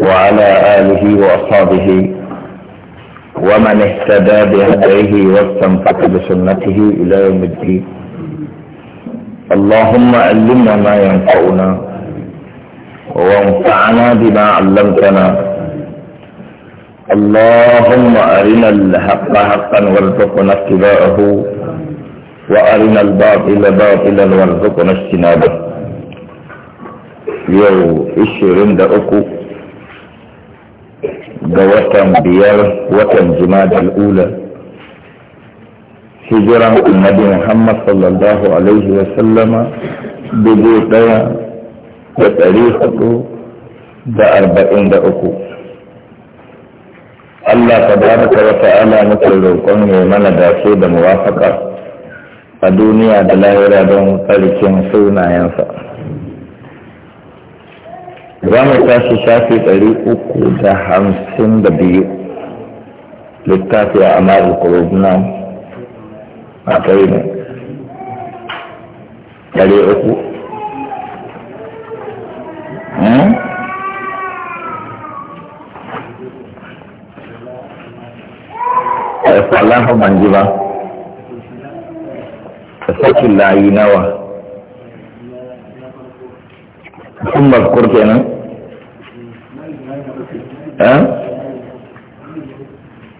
وعلى آله وأصحابه ومن اهتدى بهديه واستنفق بسنته إلى يوم الدين اللهم علمنا ما ينفعنا وانفعنا بما علمتنا اللهم أرنا الحق حقا وارزقنا اتباعه وأرنا الباطل باطلا وارزقنا اجتنابه يو اشرين دا أكو ga watan biyar watan jimadal ula hijiran annabi muhammad sallallahu alaihi wa sallama dubu daya da ɗari hudu da arba'in da uku Allah tabaraka wa ta'ala muke roƙon ya mana dace da muwafaka a duniya da lahira don tsarkin sunayensa. za mu tashi shafi ɗari uku da hamsin da biyu littafi a amalin kurobina a kai ne ɗari uku hmm? eh, allah Allahun manji ba, ta sakin layi nawa, sun mazkur nan.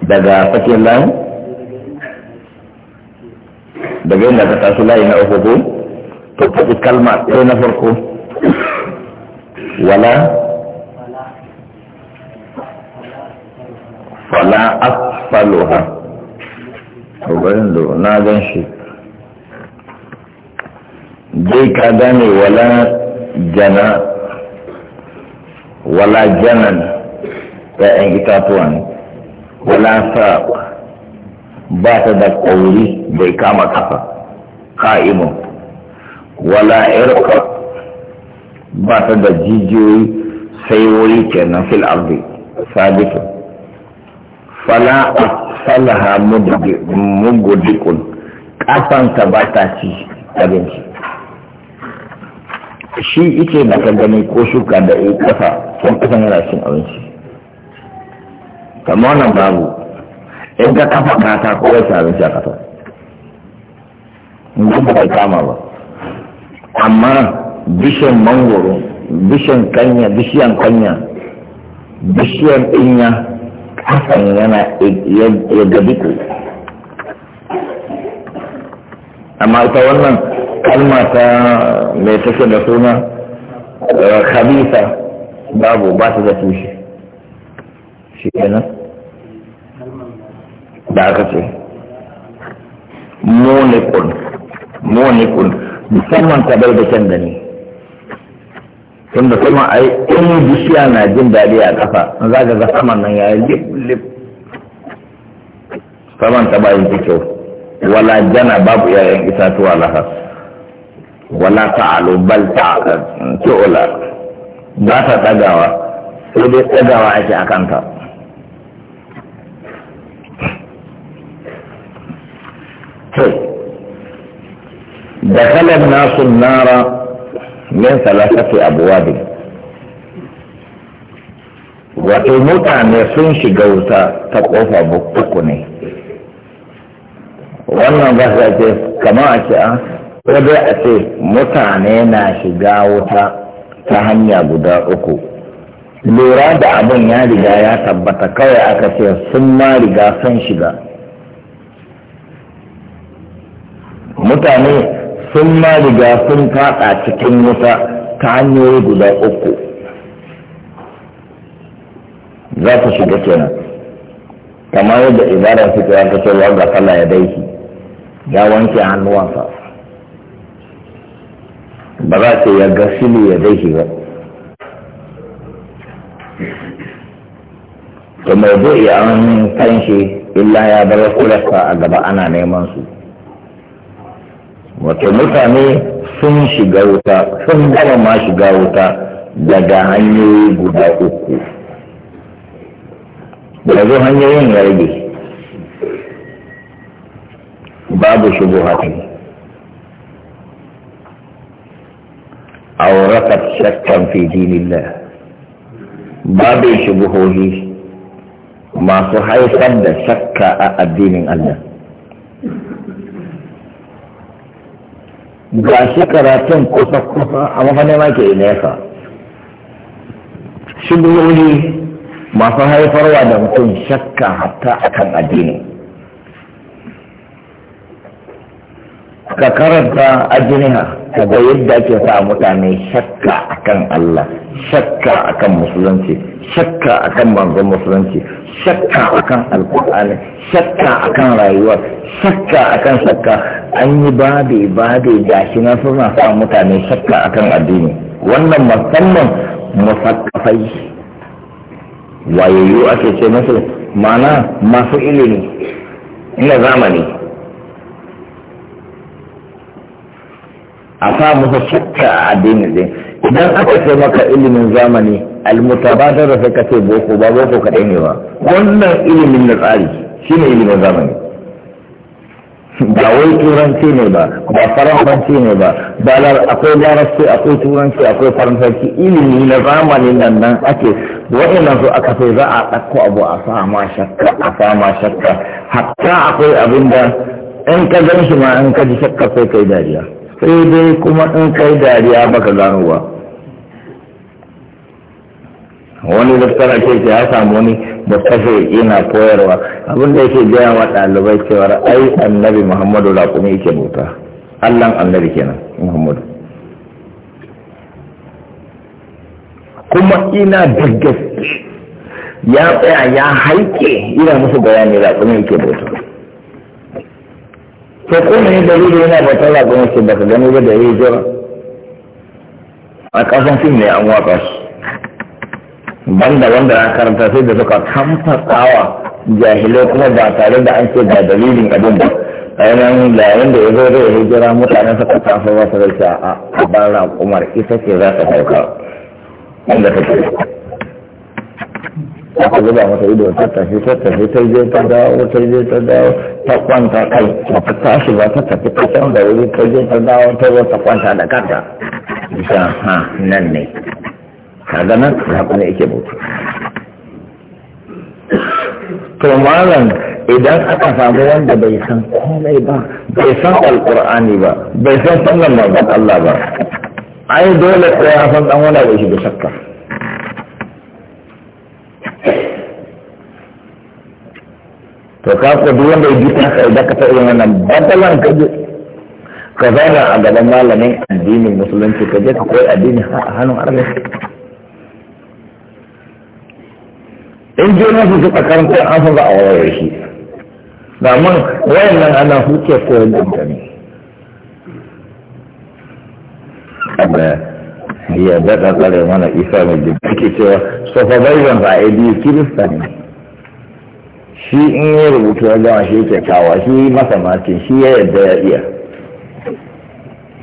daga fakin layin daga yadda ka taso layi na uku to faɗi kalma ɗaya na farko wala fala asfaluha da na gan shi dai ka gane wala jana wala janan ‘ya'yan itatuwa ne wala sa ba ta da ƙauri bai kama kafa ka'imun wala irka ba ta da jijiyoyi sai wuri kenan fil ardi sabitu fala a salaha mugudikun ƙasanta ba ta ci abinci shi ike da ka gani ko shuka da ƙasa, kafa yana cin abinci kamar wannan babu in ka kafa kata ko ya sami shi a kasa in ba kama ba amma bishin mangoro bishin kanya bishiyan kanya bishiyan inya kasan yana ya gabi ku amma ita wannan kalma ta mai take da suna khabisa babu ba ta da tushe shi kenan da aka ce monikun monikun musamman kadar da kyan gani da kuma ai yi bishiya na jin daɗi a ƙafa na zaga ga saman nan ya yi lip lip saman ta bayan ta kyau wala jana babu yayan itatuwa lahas wala ta'alu bal ta'ala ba ta tagawa sai dai tagawa ake a kanta kai da kalan nasu nara min salasati abuwadin wato mutane sun shiga wuta ta kofa uku ne wannan za su ce kamar a ce an ah, ko dai a ce mutane na shiga wuta ta hanya guda uku lura da abin ya riga ya tabbata kawai aka ce sun ma riga sun shiga mutane sun ma riga sun fada cikin wuta ta hanyoyi guda uku za ta shiga kenan kamar yadda ibarar suke ya kace wa ga Allah ya daiki ya wanke hannuwansa ba za ce ya shi ya daiki ba to mai zai an kan shi illa ya bar kulasta a gaba ana neman su wato mutane sun shiga wuta sun gama ma shiga wuta daga hanyoyi guda uku yanzu hanyoyin ya rage babu shigo haka aurakat shakkan fi dinillah babu shigo shubuhohi masu haifar da shakka a addinin Allah ga shi karatun kusa-kusa a mafanin maki ke nesa shiguloli masu haifarwa da mutum shakka hatta akan addini ka karanta ka ga yadda ake sa mutane shakka akan Allah shakka akan musulunci shakka akan manzon musulunci shakka akan alkur'ani shakka akan rayuwa shakka akan shakka an yi babe babe shi na suna sa mutane shakka akan addini wannan musamman musakafai wayayyu ake ce musu mana masu ilimi na zamani a sa musu shakka a addini din idan aka ce maka ilimin zamani almutabadar da sai ka ce boko ba boko kaɗai ne ba wannan ilimin na tsari shi ne ilimin zamani ba wai turanci ne ba ba faransanci ne ba ba akwai larabci akwai turanci akwai faransanci ilimi na zamani nan nan ake wa'annan su aka sai za a ɗauko abu a sa ma shakka a sa ma shakka hatta akwai abin da in ka gan shi ma in ka ji shakka sai kai dariya sai dai kuma in kai dariya baka gano ba wani daftar a ce ya samu wani mutafi yana koyarwa abin da yake gaya wa ɗalibai cewa ai annabi muhammadu la kuma yake bauta allan annabi kenan muhammadu kuma ina da gaske ya tsaya ya haike ina musu bayani la kuma yake bauta to ko ne dalili yana batun ragon yake ka gani ba da yayi jira a kasan fim ne an waka shi banda wanda ya karanta sai da suka tsawa jahilai kuma ba tare da an ce ga dalilin abin ba ainihin da yayin da ya zo da ya jira mutanen suka tafi ba da a a bara kumar ita ce za ta dauka wanda ta ce aka zuba mata ido ta tafi ta tafi ta je ta dawo ta je ta dawo ta kwanta kai ta tashi ba ta tafi ta san da wuri ta je ta dawo ta zo ta kwanta da kanta bisa ha nan ne kaga nan rabu ne yake bauta. to malam idan aka samu wanda bai san komai ba bai san alkur'ani ba bai san sallan manzon Allah ba ai dole sai ya san dan wani bai shi da shakka to ka ku duk wanda ya ji ta sai da ka ta irin wannan badalan ka je ka zauna a gaban malamin addinin musulunci ka je ka koyi addini a hannun arna in ji na su suka karanta an san za a wayar shi da man wayannan ana huce koyar da mutane ya daɗa tsare mana isa mai jin ake cewa sofa bai zan ba a kirista ne shi in ya rubutu ya gama shi ke kawa shi masa makin shi ya yadda ya iya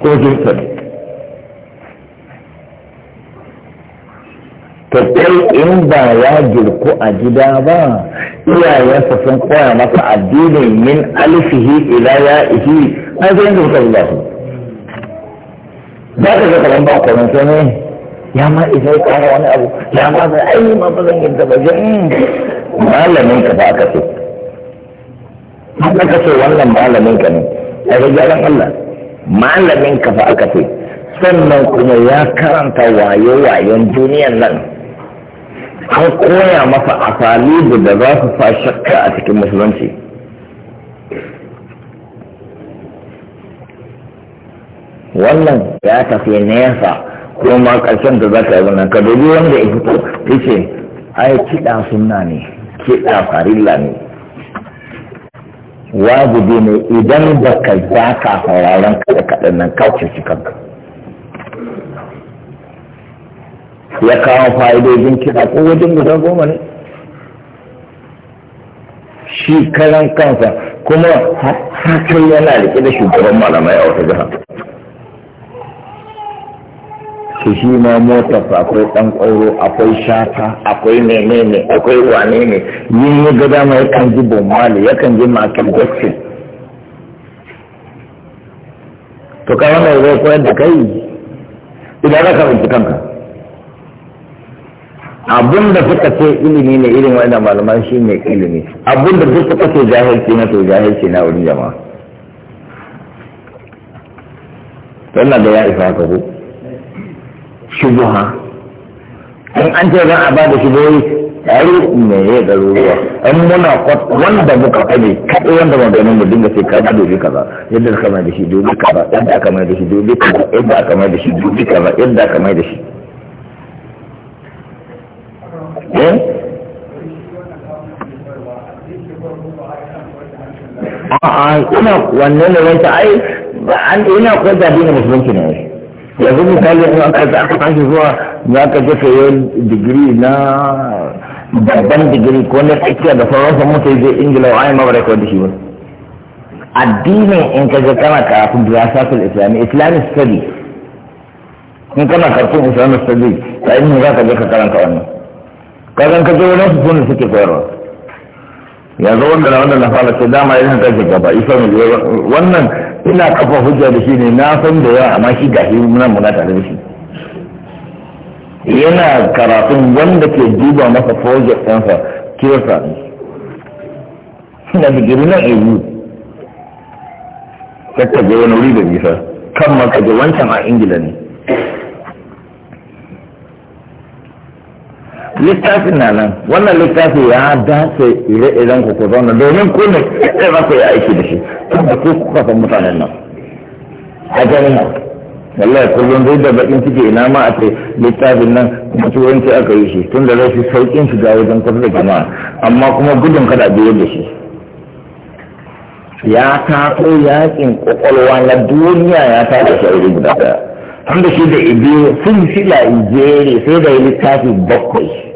ko jinsa ne ta in ba ya girku a gida ba iyayensa sun koya masa addinin min alifihi ila ya ihi an zai yi mutar lafi za ka zaka kaman ba kwanan sani ne ya ma isa ya kara wani abu ya ma zai ai ma ba zan yi ba malamin ka ba aka ce aka ce wannan malamin ka ne a rijalan Allah malamin ka ba aka ce sannan kuma ya karanta waye wayon duniyan nan an koya masa asalibu da za su fa shakka a cikin musulunci wannan ya tafi nesa kuma ma ƙarshen da za ka yi wannan ka dubi wanda ya fito ya ce ai kiɗa sunna ne kiɗa farilla ne wajibi ne idan ba ka za ka sauraron kaɗe kaɗan nan kauce shi kanka ya kawo fa'idojin kiɗa ko wajen guda goma ne shi karan kansa kuma hakan yana rike da shugaban malamai a wata jihar. su shi ma motar akwai dan ƙoro akwai shata akwai menene akwai wane ne ne ga dama ya kan ji bomali kan ji makil jackson to ka wannan zai koyar da kai idan ka rinci kanka abun da suka ce ilimi ne irin wanda malaman shi ne ilimi abun da duk suka ce jahilci na to jahilci na wurin jama'a wannan da ya isa haka ko shubuha in an ce za a ba da shubuhi tare me ya garuruwa in muna wanda muka faɗi kaɗai wanda ba ganin mu dinga sai kaɗa dobi kaza yadda aka mai da shi dobi kaza yadda aka mai da shi dobi kaza yadda aka mai da shi dobi kaza yadda aka mai da shi eh? a'a ina wannan ne wancan ai ina koyar da musulunci ne yanzu misali in aka za ka tashi zuwa za ka je sayan digiri na babban digiri ko na tsakiya da sauransa mutum zai ingila wa ayyama ba da kawai da shi ba addinin in ka ga kana karatun dirasatul islami islamic study in kana karatun islamic study ka yi za ka je ka karanta wannan kazan ka je wani su ne suke koyarwa yanzu wanda na wanda na fara ce dama yana ta shiga ba isa mu wannan ina kafa hujja da shi ne na san da yawa amma shi gashi muna muna tare da shi yana karatun wanda ke duba masa project ɗansa kirsa ne na digiri nan ebu kakka je wani wuri da nisa kan maka je wancan a ingila ne littafin na nan wannan littafin ya dace ire-iren ku ku zauna domin ku ne ya za ku yi aiki da shi da ku kuka san mutanen nan a ganin nan wallahi kullum zai da bakin ciki ina ma a ce littafin nan kuma turanci aka yi shi tun da zai fi sauƙin shiga wajen kusa da jama'a amma kuma gudun kada a biyar da shi ya taso yakin kwakwalwa na duniya ya taso shi a wuri guda ɗaya tun da shi da ibiyo sun fila jere sai da yi littafi bakwai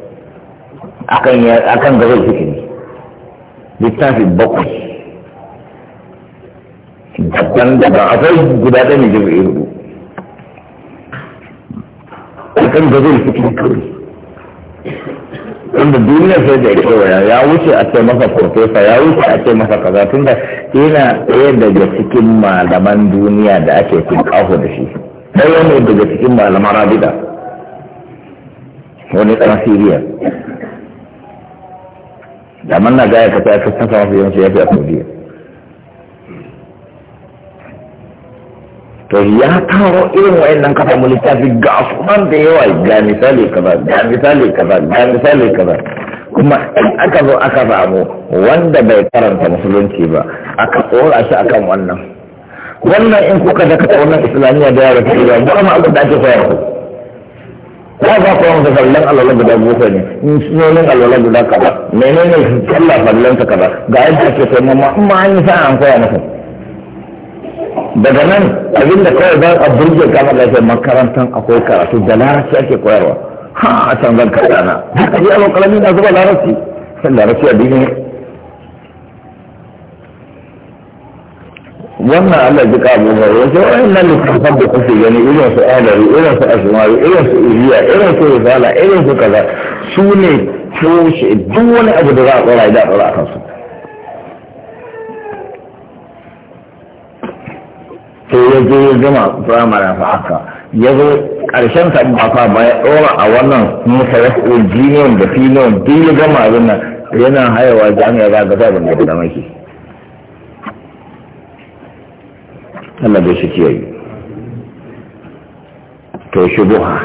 akan akan gaba zikiri littafi bakwai daban daban akwai guda ɗaya ne jami'i rubu akan gaba zikiri kawai wanda duniya sai da kewaya ya wuce a ce masa profesa ya wuce a ce masa kaza tunda yana ɗaya daga cikin malaman duniya da ake cin kaho da shi ɗaya ne daga cikin malaman rabida wani ɗan siriya da man na gaya ka ta kasan mafi yanzu ya fi a saudiya to ya taro irin nan kafa mu littafi ga asuman da yawa ga misali kaza ga misali kaza ga misali kaza kuma in aka zo aka samu wanda bai karanta musulunci ba aka tsora shi akan wannan wannan in kuka da ka wannan islamiyya da da ta ba ma abin da ake koyarwa za ka koya masa farlan alwala guda goma ne in sunonin alwala guda kaza menene sallah farlan ta kaza ga yadda ake sai mamma in ma an yi sa'a an koya masa daga nan da kawai za a burge da maka makarantar akwai karatu da larabci ake koyarwa ha a can zan kaɗa na haka ji alo kalami na zuba larabci larabci addini wannan Allah ji kabu ba wace wa'annan nan da kuke gani irin su adari irin su asumari irin su iriya irin su risala irin su kaza su ne toshe duk wani abu da za a tsara da a tsara a su to ya je ya gama firamare fa haka ya zo karshen ta ba fa ba ya ɗora a wannan musarar jiniyon da filon duk ya gama abin nan yana hayawa jami'a ga gaba da guda maki. Allah bai shi kiyaye to shubuha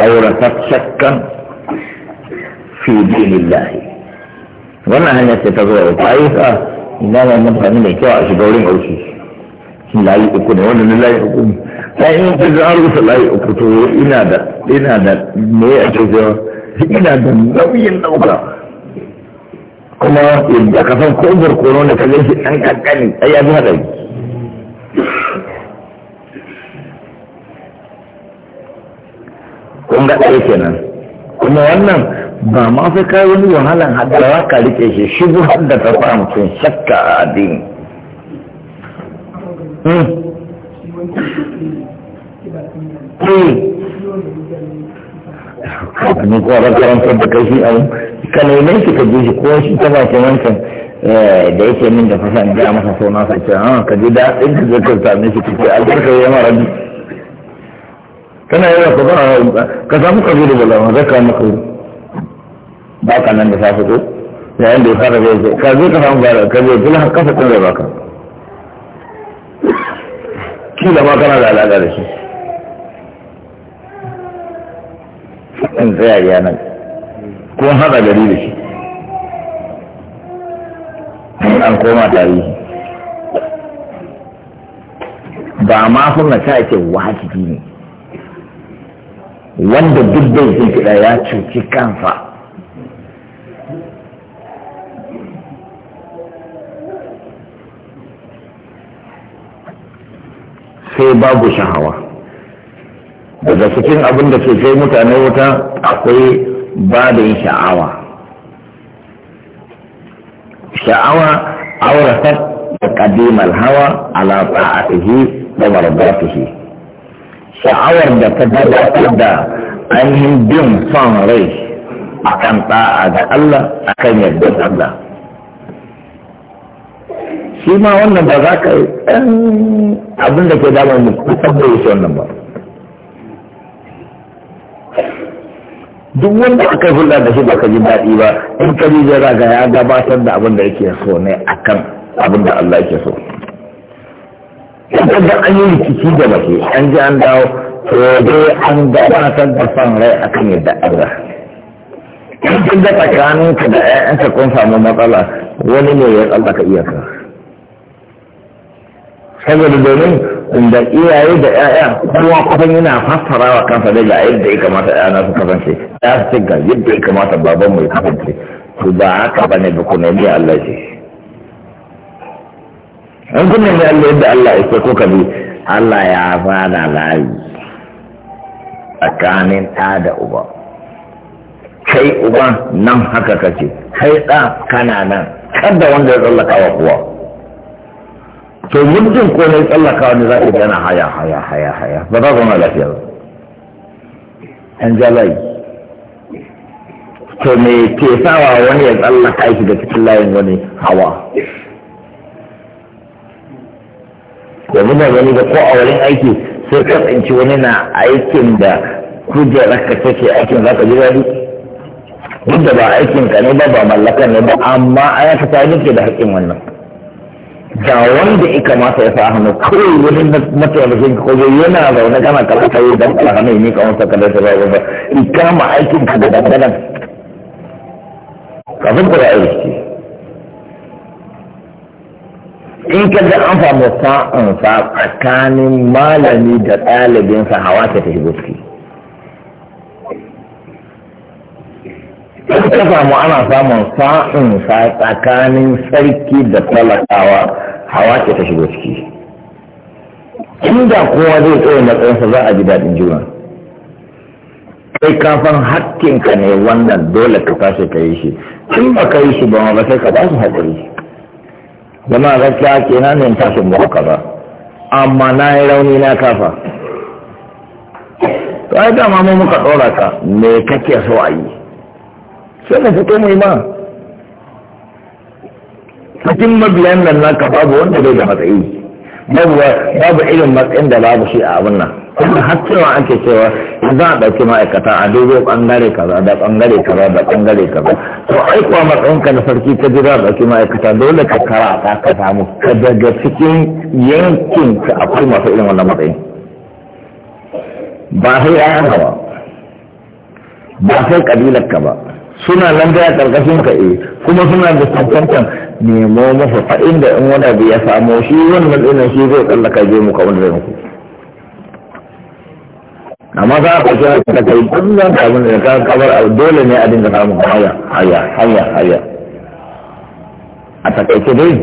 auratat shakkan fi lahi. wannan hanya ce ta zuwa ta yi sa ina ma mutane mai kyau a shiga wurin auki layi uku ne wannan layi uku ne sai in ka ga rusa layi uku to ina da ina da me a cikin ina da nauyin dauka kuma yadda ka san ko barkono ne ka gaishe dan kankani ai ya bi hadari ga ɗaya kenan kuma wannan ba ma sai kai wani wahalan haddawa ka rike shi shi bu hadda ta mutum shakka a addini hmm. hmm. ni ko ba kai shi ki ka shi ko shi ta ba ke wancan eh, da yake min da fasa in ga masa so sai ce ah, ka ji da in ka ka shi ki albarka ya mara kana yawa ka ba ka samu kabilu bala ma zaka maka ba ka nan da ta ko yayin da ya fara zai zai ka zai ka samu ba ka zai kula kasa kun zai baka kila ma kana da alaƙa da shi in tsaya ya nan ko haɗa gari da shi an koma tarihi ba ma kuma ta ake wajibi ne wanda duk bai shimfiɗa ya cuci kansa sai babu sha'awa, daga cikin abin da ke kai mutane wuta akwai ba da sha'awa sha'awa auratar da kadimar hawa ala ta'atihi da barbatihi sha'awar da ta gabatar da ainihin bin son rai a kan ɗa'a ga Allah a kan yardar Allah shi ma wannan ba za ka yi ɗan abin da ke damar mu kusan da wuce wannan ba duk wanda aka hulɗa da shi ba ka ji daɗi ba in ka ji zai ga ya gabatar da abin da yake so ne a kan abin da Allah yake so. kaga an yi rikici da mace an ji an dawo to an gabatar da son rai akan yadda Allah duk da tsakanin ka da ƴaƴanka kun samu matsala wani ne ya tsallaka iyaka saboda domin da iyaye da ƴaƴa kowa kusan yana fassara wa kansa da yadda ya kamata ƴaƴana su kasance ya su ga yadda ya kamata baban mu ya kasance to ba haka bane ba ku Allah ce an kuma ne Allah yadda Allah ya ko ka bi Allah ya fara layi tsakanin ɗa da uba kai uba nan haka kake kai ɗa kana nan kada wanda ya tsallaka wa kuwa to mutum ko ne tsallaka wani za a yana haya haya haya haya ba za zama lafiya ba an jalai to me ke sawa wani ya tsallaka shi da cikin layin wani hawa da muna gani ba ko a wurin aiki sai ka wani na aikin da kujerar ka take aikin za ka ji daɗi duk da ba aikin ka ne ba ba mallakar ne ba amma ai ka ta nake da haƙƙin wannan da wanda ya kamata ya sa hannu kawai wani mataimakin ko yana zaune kana kalata kai don kala hannu ne a saka da ta ba ba ikama aikin ka da dandanan kafin ku da aiki in ka ga an samu sa'an sa tsakanin malami da ɗalibinsa hawa ta tafi In ka samu ana samun sa'un sa tsakanin sarki da talakawa hawa ta tafi gaske inda kowa zai tsaye matsayinsa za a ji daɗin juna kai kafan hakkinka ne wannan dole ka kashe ka yi shi in ba ka yi shi ba ma ba sai ka ba su haƙuri zama gaskiya ake na ne tashin ba ba amma na yi rauni na kafa to ai dama mu muka ɗora ka me kake so a yi sai mu fito mu yi ma cikin mabiyan nan kafa babu wanda bai da matsayi babu irin matsayin da babu shi a abin nan kuma har ake cewa za a ɗauki ma'aikata a dubo ɓangare kaza da ɓangare kaza da ɓangare kaza to aikuwa matsayin ka na sarki ka ji za a ɗauki ma'aikata dole ka karata ka samu ka daga cikin yankin ka akwai masu irin wannan matsayin ba sai ya 'ya'yan ba ba sai kabilar ka ba suna nan da ƙarƙashin ka eh kuma suna da tantantan nemo masa fa inda in wani abu ya samu shi wannan ɗin shi zai tsallaka je ka wani zai muku amma za a kwashe da kai kullum kamun da ka kabar a dole ne a dinga samun haya haya haya haya a takaice dai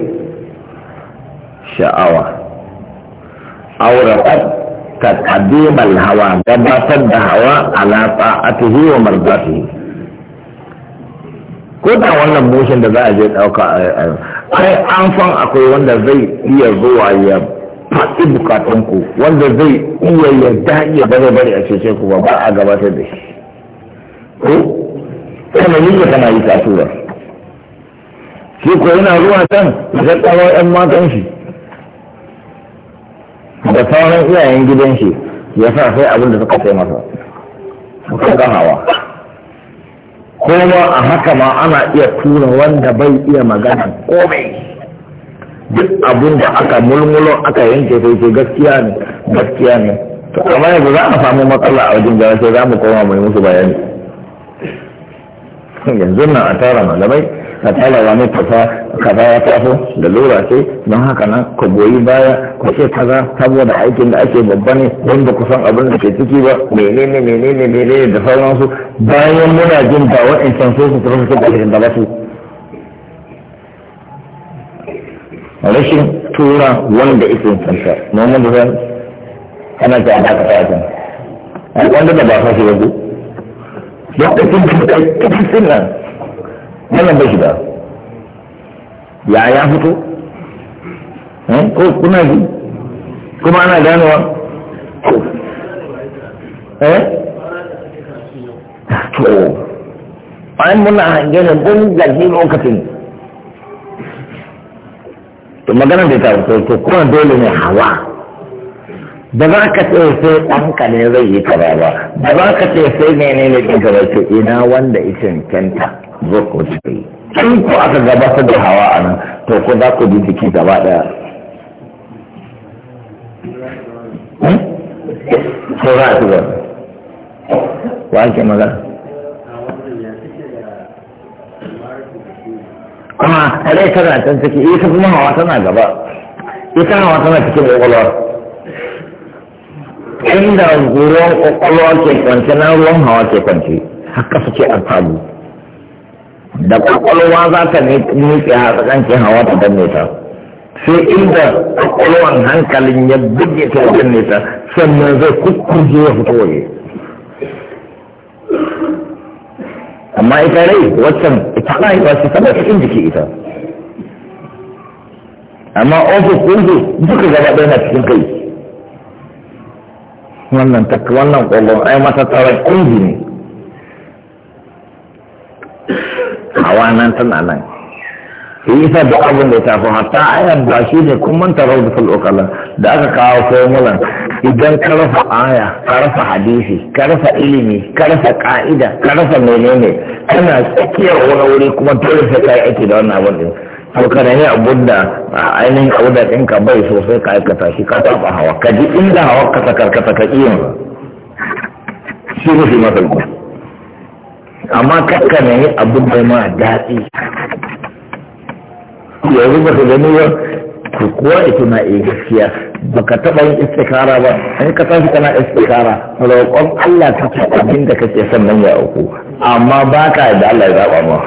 sha'awa auratar ta hawa gabatar da hawa ala ta'atihi wa mardatihi ko da wannan motion da za a je ɗauka ai an san akwai wanda zai iya zuwa ya faɗi ku wanda zai iya yarda ya bare bare a cece ku ba a gabatar da shi ko kana yi ka kana yi kasuwar shi ko yana zuwa can ya tsaro yan matan shi da sauran iyayen gidan shi ya sa sai abin da suka sai masa suka gamawa kuma a haka ma ana iya tura wanda bai iya magana komai duk abin da aka mulmulo aka yanke sai ce gaskiya ne gaskiya ne to amma yanzu za a samu matsala a wajen gara sai za mu koma mai musu bayani yanzu nan a tara malamai ka tsala wani tafa ka baya taso da lura ce don haka nan ka goyi baya ka ce kaza saboda aikin da ake babba ne wanda ba ku san abin da ke ciki ba menene menene menene da sauransu bayan muna jin ba wa'ancan so su tafi su ƙarfin da basu rashin tura wanda ike kanta noman da zan ana ta ba ka fatan wanda da ba fashi ba ku lokacin da ka kai kafin nan wannan shi ba, ya ya fito eh, ko kuna ji kuma ana ganewa eh to bayan muna hangen mun gaji lokacin to magana da ta to to kuma dole ne hawa da za ka ce sai ɗanka ne zai yi kaza ba da za ka ce sai ne ne ne ɗin ka ina wanda ya kenta. zo ko ciki in ko aka gabatar da hawa a nan to ko za ku binciki gaba daya hmm? ko za a ci gaba wa ake magana kuma rai tana can ciki ita kuma hawa tana gaba ita hawa tana cikin kwakwalwa inda ruwan kwakwalwa ke kwanci na ruwan hawa ke kwanci haka suke alfahari. da kwakwalwa za ta ka miƙe hatsakankin hawa ta danne ta sai inda kwakwalwan hankalin ya buge ta danne ta sannan zai kukkurje ya fito waje amma ita rai waccan ita rayuwa wasu tana cikin jiki ita amma ofis ɗin duka gaba ɗaya na cikin kai wannan wannan ƙwallon ai mata tsaron inji ne hawa nan tana nan in isa duk abin da ya tafi hatta ayar ba shi ne kun manta rauda ukala da aka kawo formulan idan ka rasa aya ka rasa hadisi ka ilimi ka rasa ka'ida ka rasa menene kana tsakiyar wani wuri kuma dole sai yi aiki da wannan abin din to ka ne abun da ainihin a da ɗinka bai sosai ka aikata shi ka taɓa hawa ka ji inda hawa ka sakarkata ka iya shi ne shi mafi amma kakka na yi abin da ma daɗi yanzu ba su gani ba ku kuwa ita na iya gaskiya ba ka taɓa yin istikara ba an ka tafi kana istikara roƙon Allah ka ce abin da kake son nan ya auku amma ba ka da Allah ya zaɓa ma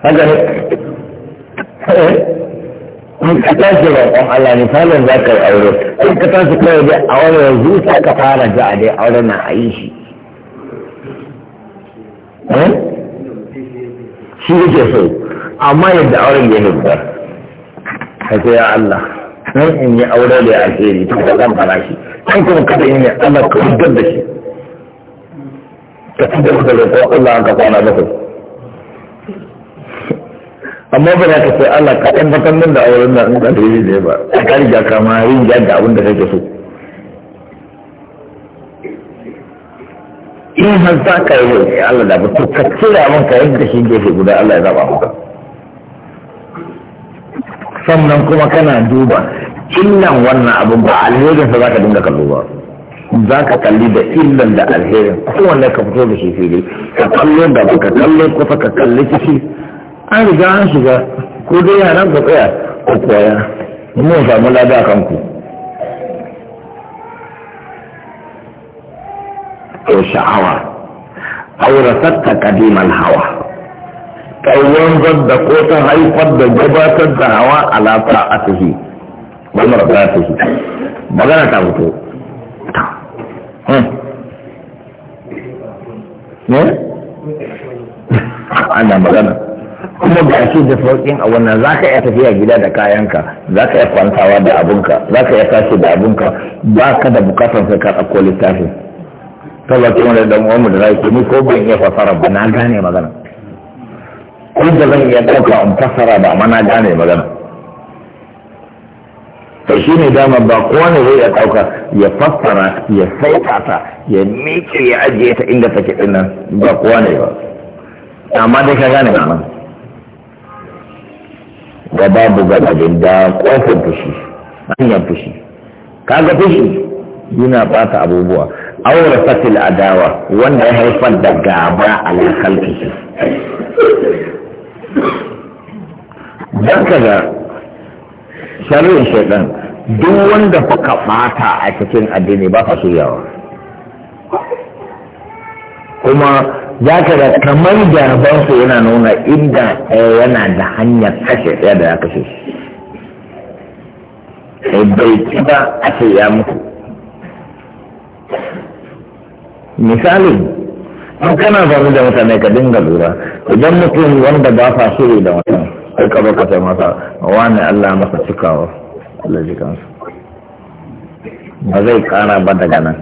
haka ne eh? in ka tashi roƙon Allah misalin za ka yi aure in ka tashi kawai dai a wani zuciya ka fara ji a dai aure na a yi shi Eh? shi yake so amma yadda auren ya nufa haka ya Allah nan in yi aure da alheri to da zan fara shi kan kuma kada in yi Allah ka hudar da shi ka fi da maka Allah an ka kwana bakwai amma ba za ka sai Allah ka ɗan fatan nan da auren nan in da alheri ne ba ka riga kama yin yadda abin da kake so in har za ka yi laifi eh, Allah da ba to ka cire abin ka yanka shi gefe guda Allah ya zaba maka sannan kuma kana duba illan wannan abin ba alherin sa za ka dinga kallo ba za ka kalli da illan da alherin kowanne ka fito da shi fili ka kallo da ka kallo kusa ka kalli ciki an riga an shiga ko dai yaran ku tsaya ku koya mun samu lada kanku ko sha'awa aurasatta kadiman hawa kai wanzar da ko ta haifar da gabatar da hawa ala ta'atihi wannan da ta shi magana ta mutu hmm. ne ana magana kuma ga shi da sauƙin a wannan za ka iya tafiya gida da kayanka za ka iya kwantawa da abunka za ka iya tashi da abunka ba ka da bukatar sai ka ɗauko littafin ta baki wani dan uwan mu da zai mu ko ban iya fasara ba na gane magana ko da zan iya ɗauka in fasara ba amma na gane magana to shi ne dama ba ne zai iya ɗauka ya fassara ya saita ta ya miƙe ya ajiye ta inda take ɗin nan ba ne ba amma dai ka gane magana. ga babu gadajin da kofin fushi hanyar fushi kaga fushi yana bata abubuwa أورثت الأداوة وأن يهرف الدقابة على خلقه ذكر شرير شيطان دو وان دا فقا فاتا اتكين اديني بافا سيارة كما ذكر كمان دا بانسو ينا نونا إدا ايانا دا حنيا تاشي ايادا اكسي ايبا اتيا misali an kana zaune da mutane ka dinga lura idan mutum wanda ba sa shiri da mutum sai ka baka ta masa wani Allah masa cikawa Allah ji kansu ba zai kara ba daga nan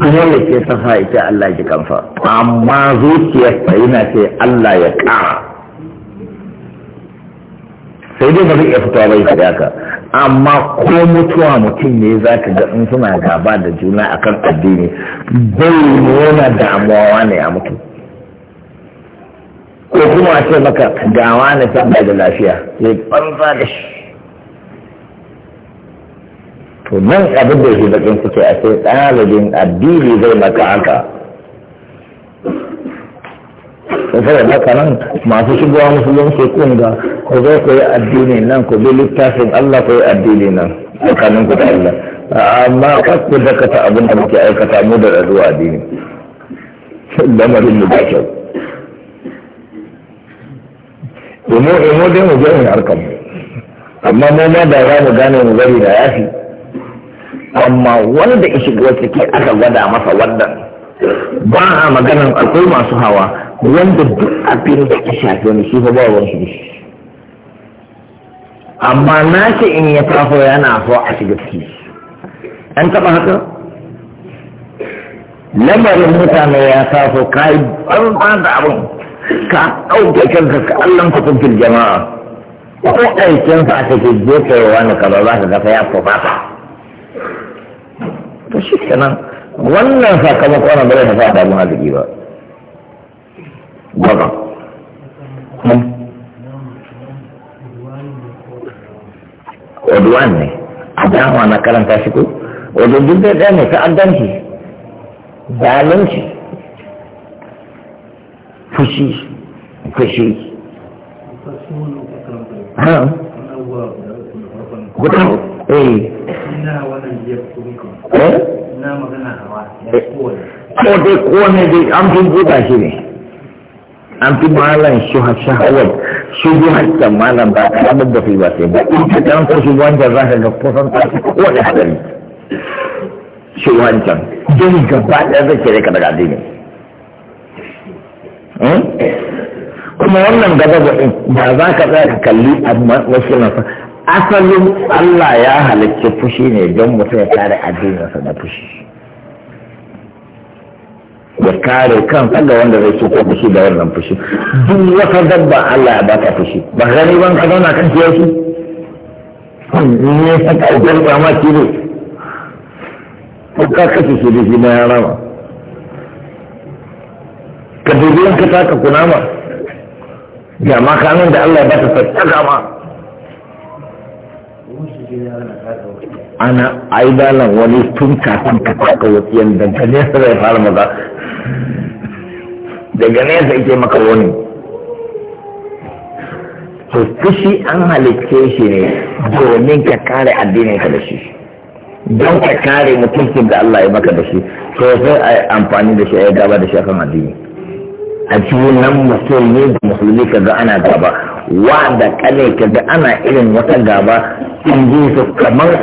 dole ce ta sa ita Allah ji kansa amma zuciyarsa yana ce Allah ya kara sai dai ba zai iya fitowa bai faɗi haka amma ko mutuwa mutum ne za ka ga in suna gaba da juna a kan addini bai nuna damuwa ne a mutu ko kuma a ce maka gawa ne sabbai da lafiya ya banza da shi to nan abin da shi bakin suke a ce ɗalibin addini zai maka haka ko saboda haka nan masu shigowa musulunci kun ga ko ku yi addini nan ko bi littafin Allah yi addini nan tsakanin ku da Allah amma kar ku dakata abin da muke aikata mu da zuwa addini lamarin mu da kyau imo imo eh, dai mu je mu harkar amma mu ma da za mu gane mu gari da yafi amma wanda ya shiga ciki aka gwada masa wannan ba a maganar akwai masu hawa wanda duk abin da ya shafi wani shi ba ba wani shi amma na ce in ya taso yana so a shiga ciki an taɓa haka lamarin mutane ya tafo ka yi ban da abin ka ɗauke kanka ka allon kusurfin jama'a ko aikinsa a cikin jefewa ne kaza za ka gafa ya fofata to shi kenan wannan sakamakon wannan bai hafa da mu ba gwada hmm? odwan ne a dama na karanta shi ko wajen duk da ɗaya ne ta'addanci zalunci fushi fushi guda eh, eh? eh. ko dai ko dai shi ne an fi malam shahawar su bi haƙƙin malam ba a samar da ba sai ba in ka ɗan ko su wancan za ka ga kusan ta wani haɗari su wancan don gaba ɗaya zai kere ka daga dini hmm? kuma wannan gaba in ba za ka tsaya ka kalli a wasu nasa asalin Allah ya halicci fushi ne don mutum ya kare addininsa da fushi ya kare kan ga wanda zai soko fushi da wannan fushi duk wata dabba Allah ya baka fushi ba gani ban ka zauna kan ciyar shi hmm, ne saka ujar ba ma ne ko ka kashe su da shi na yara ma ka dubi ka taka kunama ga makamin da Allah ya baka fattaka ma ana aidalan wani tun kafin ka taka wasiyan daga nesa zai fara maza daga nesa ike maka wani to fushi an halitta shi ne domin ka kare addinin ka da shi don ka kare mutuncin da Allah ya maka da shi to sai a yi amfani da shi a yi gaba da shi akan addini a cikin nan musulmi da musulmi ka ga ana gaba wa da kane ka ga ana irin wata gaba in ji su kamar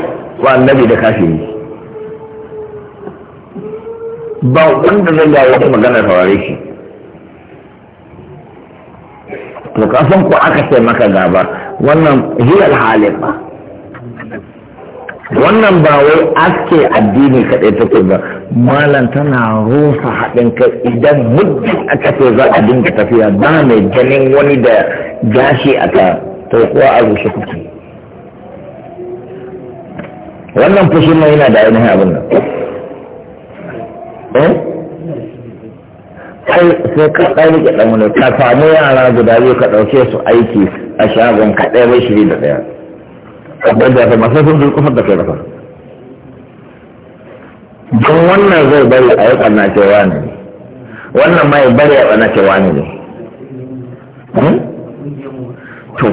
wa annabi da kafiri ba wanda zai ga wata magana saurare shi to ka san ko aka ce maka gaba wannan hiyar halin ba wannan ba wai aske addini kaɗai take ba malam tana rusa haɗin kai idan muddin aka ce za a dinga tafiya ba mai ganin wani da gashi a ta to kuwa a rushe kuke wannan fushin nan yana da ainihin abin nan eh? kai sai ka ɗari ga ɗan wani ka samu yara guda biyu ka ɗauke su aiki a shagon ka ɗaya bai shiri da ɗaya ɗan da ta masu sun zurkufar da kai rafa don wannan zai bari a yi cewa ne wannan mai bari a cewa ne ne hmm? to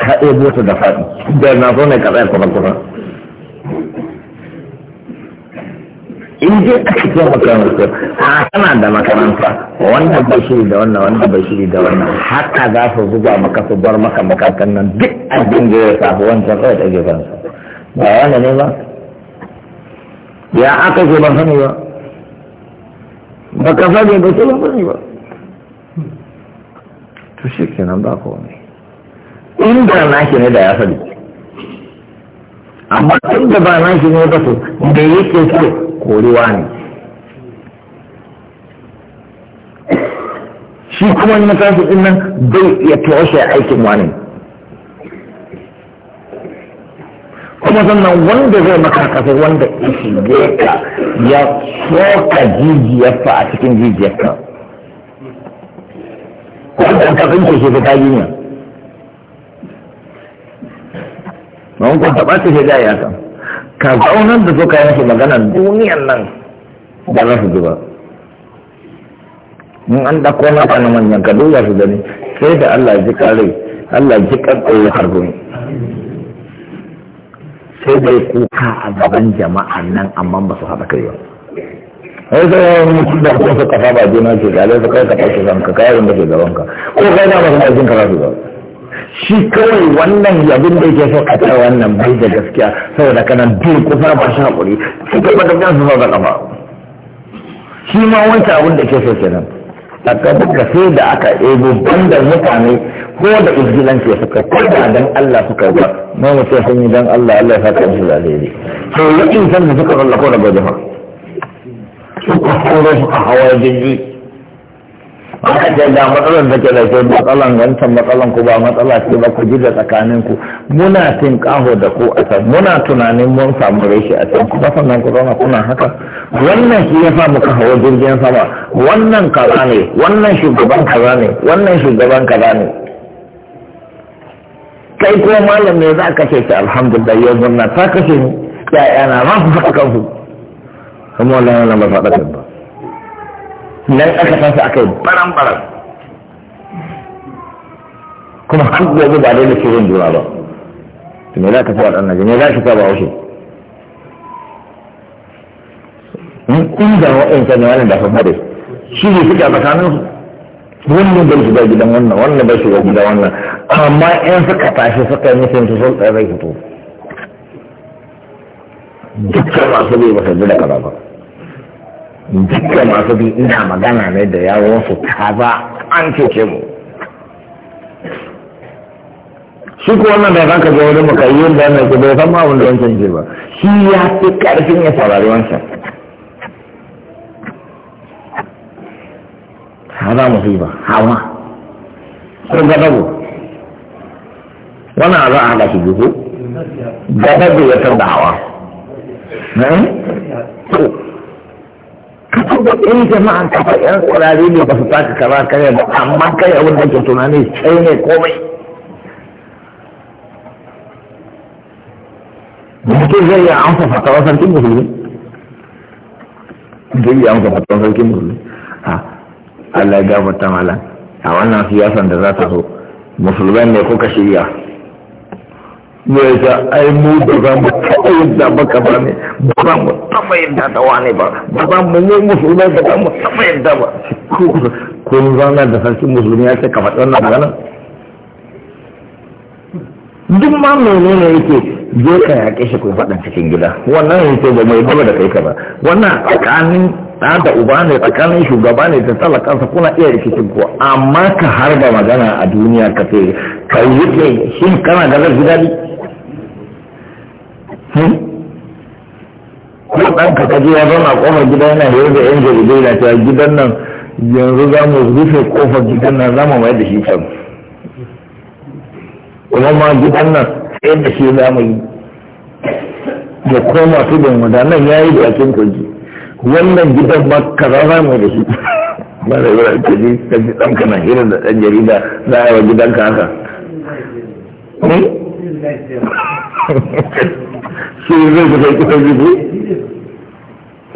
ka ɗebo da faɗi da na zo ne ka ɗaya kuma kuma in je a cikin makarantar a kana da makaranta wannan bashiri da wannan wannan bashiri da wannan haka za su zuba maka su bar maka makarantar nan duk abin da ya safi wancan kawai da gefen su. ba wannan ne ba ya aka ce ban sani ba ba ka sani ba ce ban sani ba to shi kenan ba komai inda na shi ne da ya sani amma tun da ba nashi ne ba to da yake so korewa ne shi kuma na tashi din nan bai iya toshe aikin wani kuma sannan wanda zai maka kasa wanda ishi ka ya soka jijiyarsa a cikin jijiyarsa wanda ka tsinke shi ta duniya ba kun taɓa su shiga ya kan ka zaunar da suka yi shi maganar duniyan nan da za su zuba in an ɗauko na ɗan manyan ka duba su gani sai da Allah ji kare Allah ji kakkoyi harbin sai dai kuka a gaban jama'a nan amma ba su haɗa kai ba sai sai yawan mutum da kuma kafa ba juna ce ga lai kai ka fashe zanka kayan da ke gabanka ko kai na su ɗaukin ka za su gaba shi kawai wannan yabin da yake so a ta wannan bai da gaskiya saboda kana bin kusa ba shi haƙuri shi ka ba da gan su da kafa shi ma wancan abin da ke so kenan a kabu ka sai da aka ebo da mutane ko da izgilanci ke suka ko da dan Allah suka ba ma mutum sun yi dan Allah Allah ya saka musu da alheri to yakin san da suka tsallako daga jama'a suka koro suka hawa jirgi Ana ce ga matsalar da ke da ke matsalan gantan matsalan ku ba matsala ce ba ku ji da tsakanin ku. Muna tin kaho da ku a can muna tunanin mun samu rashi a can kuma sannan ku zauna kuna haka. Wannan shi ya sa muka hawa jirgin sama wannan kaza ne wannan shugaban kaza ne wannan shugaban kaza ne. Kai ko malam ne za ka ce ki alhamdulillah yau murna ta kashe ni. Ya'yana ma su faɗa kansu. Kuma wallahi yana ba faɗa ba. nan aka san su aka yi baran-baran kuma har yanzu ba dai da ke yin jura ba to me za ka sa waɗannan jini za ka sa ba wasu in da wa'in ne wani da fafa dai shi ne suka tsakanin su wannan bai shiga gidan wannan wannan bai shiga gidan wannan amma in suka tashi suka yi mutum su sun tsaye zai fito dukkan masu bai ba su da kaza ba dukkan masu bi ina magana ne da yawon su kaza an cece mu shi ko wannan da zaka ga wani makayyun da yana bai san ma abin da wancan ce ba shi ya fi karfin ya saurari wancan fi ba hawa ko dabo wannan abu a haɗa shi ga dabo ya san da hawa eh? ka ga ɗin jama'an ka fa ƴan tsirari ne ba su taka kaza kare ba amma kai abin da ke tunani sai ne komai mutum zai yi amsa fatawa sarkin musulmi zai yi amsa fatawa sarkin musulmi a Allah ya gafarta mala. a wannan siyasan da za ta zo musulman ne kuka shirya ya ta ai mu ba za mu taɓa yadda baka ba ne ba za mu taɓa yadda da wani ba ba za mu yi musulmai ba za mu taɓa yadda ba ko mu zauna da sarki musulmi ya ce ka faɗi wannan magana duk ma menene yake je ka yaƙe shi kun faɗa cikin gida wannan ya ce ba mai gaba da kai ka ba wannan tsakanin ɗa da uba ne tsakanin shugaba ne da kansa kuna iya rikicin ko amma ka har magana a duniya ka ce ka yi shi kana da zai daɗi ko dan ka kaji ya zauna ƙofar gida yana da yan jarirai na ta gidan nan yanzu za mu rufe kofar gidan nan za mu mai da shi can kuma ma gidan nan sai da shi za mu yi da koma da mu da nan ya yi da yakin kogi wannan gidan ma kaza za mu da shi ba da yi ka ji ka ji dan kana hira da dan jarida za a yi wa gidanka haka. shi zai ga sai kusa jibi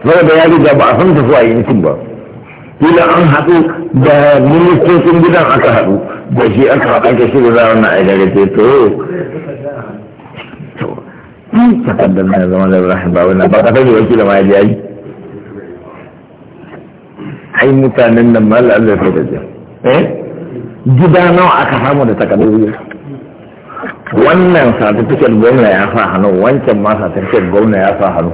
saboda ya riga ba a san ta zuwa yankin ba kila an haɗu da ministocin gidan aka haɗu da shi aka haɗa ka shi da zarar na aikata ce to takardar na zama da rahim ba wannan ba ka sani wakila ma ya ji ai ai mutanen nan mal Allah ya fada eh gida nawa aka samu da takardar wannan satifiket gwamna ya sa hannu wancan ma satifiket gwamna ya sa hannu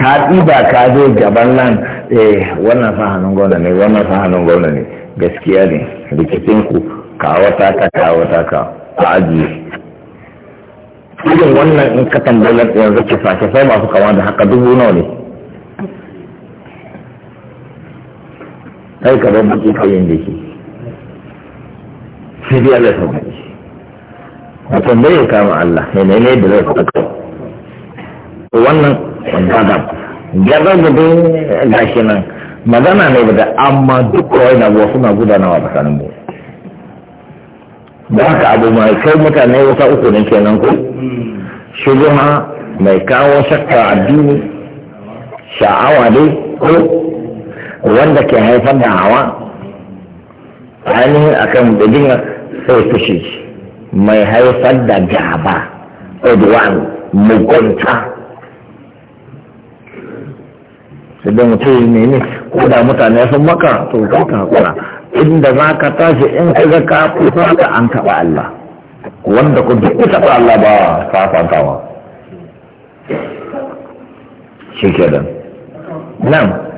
ka ba ka je gaban nan eh wannan sa hannun gwamna ne wannan sa hannun gwamna ne gaskiya ne rikicinku kawata ka kawata ka a ajiye irin wannan in ka tambayar yanzu ki sake sai masu kama da haka dubu nawa ne kai ka bar baki kayan da ke sai dai Allah sauka mutum bai ya kama Allah ne da zai faɗa wannan gadab gadab dai gashi nan magana ne da amma duk kawai na buwa suna gudanawa tsakanin mu da ka abu mai kai mutane wata uku ne kenan ko shubuha mai kawo shakka addini sha'awa dai ko wanda ke haifar da hawa ainihin akan bidin sai fushi mai haifar da gaba udwan mugunta sai da mutum ne ne ko da mutane sun maka to ka hakura inda za ka tashi in ka ga ka kusa ka an taɓa Allah wanda ku duk taɓa Allah ba fafantawa shi ke nan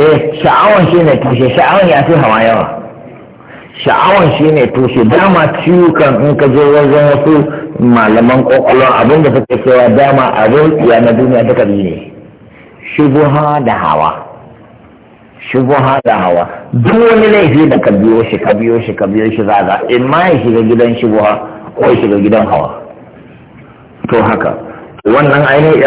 eh sha'awan shi ne tushe sha'awan ya fi hawa yawa sha'awan shi ne tushe dama ciwukan in ka je wajen wasu malaman abin da suke cewa dama a rukiya na duniya duka biyu ne shubuha da hawa shubuha da hawa duk wani laifi da ka biyo shi ka biyo shi ka biyo shi zaga in ma ya shiga gidan shubuha ko ya shiga gidan hawa to haka wannan ainihin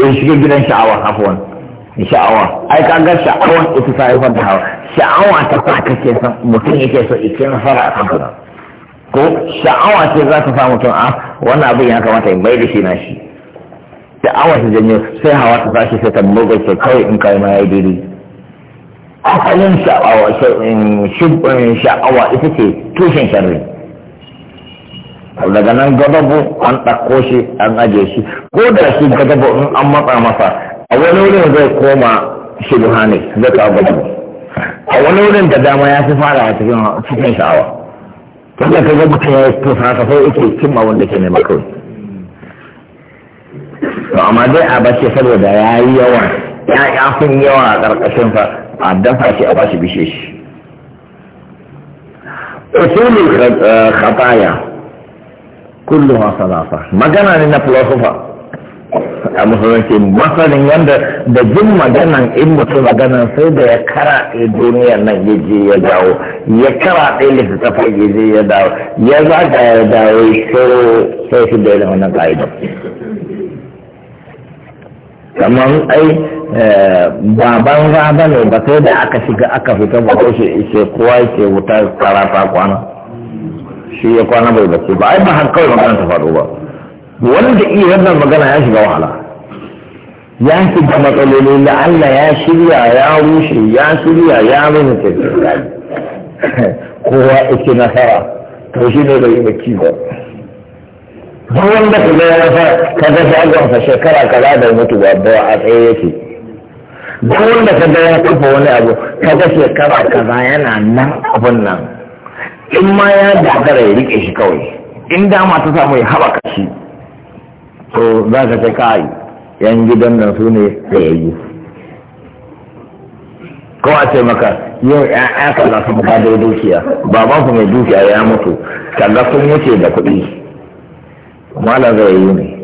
ya shiga gidan sha'awa afuwan sha'awa ai ka ga sha'awa ita ta haifar da hawa sha'awa ta sa kake son mutum yake so ike nasara a kanka ko sha'awa ce za ta sa mutum a ah, wannan abin ya kamata in bai da shi na shi sha'awa ta janyo sai hawa ta tashi sai ta buga ce kawai in kai ma ya diri asalin sha'awa sha'awa ita ce tushen sharri daga nan gadabu an ɗauko shi an ajiye shi ko da shi gadabu in an matsa masa a wani wurin zai koma shi ne zai kawo gudu a wani wurin da dama ya fi fara a cikin cikin sha'awa tunda ka ga mutum ya fi haka sai yake cimma wanda ke nema kawai to amma dai a bace saboda ya yi yawa ya sun yawa a ƙarƙashin fa a dafa shi a bashi bishe shi usulul eh, khataya kulluha salafa magana ne na filosofa a musulunci masanin yadda da jin maganan in mutum maganan sai da ya a duniyar nan ya je ya dawo ya karaɗe ta ya je ya dawo ya ga ya dawo sai su daina wannan ƙa'ida kamar ai eh, baban ba ne ba sai da aka shiga aka fita ba ko shi ishe kowa ke wuta tsara ta kwana shi ya kwana bai bace ba ai ba hankali kawai ta faru ba wanda iya wannan magana ya shiga wahala ya shiga matsaloli da Allah ya shirya ya rushe ya shirya ya nuna tafiya kowa yake nasara to shi ne bai baki ba ba wanda ka ga nasa ka ga shagonsa shekara kaza da mutu ba a tsaye yake ba wanda ka ga ya kafa wani abu ka ga shekara kaza yana nan abun nan in ma ya dagara ya rike shi kawai in dama ta samu ya haɓaka shi to za ka ce kai yan gidan nan su ne tsayayyu ko a ce maka yau ya'ya kaza su ba da dukiya baban su mai dukiya ya mutu kaga sun wuce da kuɗi malam zai yi ne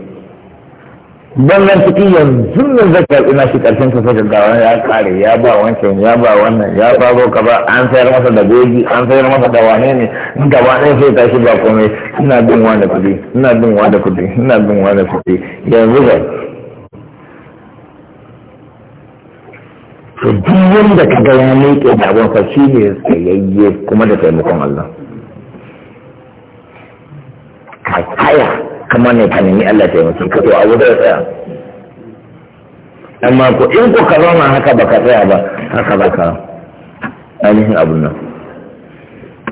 don nan ciki yanzu nan zai karɓi na shi ƙarshen sa sai ga wani ya kare ya ba wancan ya ba wannan ya ba zo ka ba an sayar masa da goji an sayar masa da wane ne gaba ɗaya sai shi ba komai ina bin wa da kuɗi ina bin wa da kuɗi ina bin wa da kuɗi yanzu ga to duk wanda ka ga ya miƙe da abin fa shi ne tsayayye kuma da taimakon Allah ka kaya kamar ne ka nemi Allah ta yi ka to a wurin tsaya amma ko in ko ka zauna haka ba ka tsaya ba haka ba ka ainihin abun nan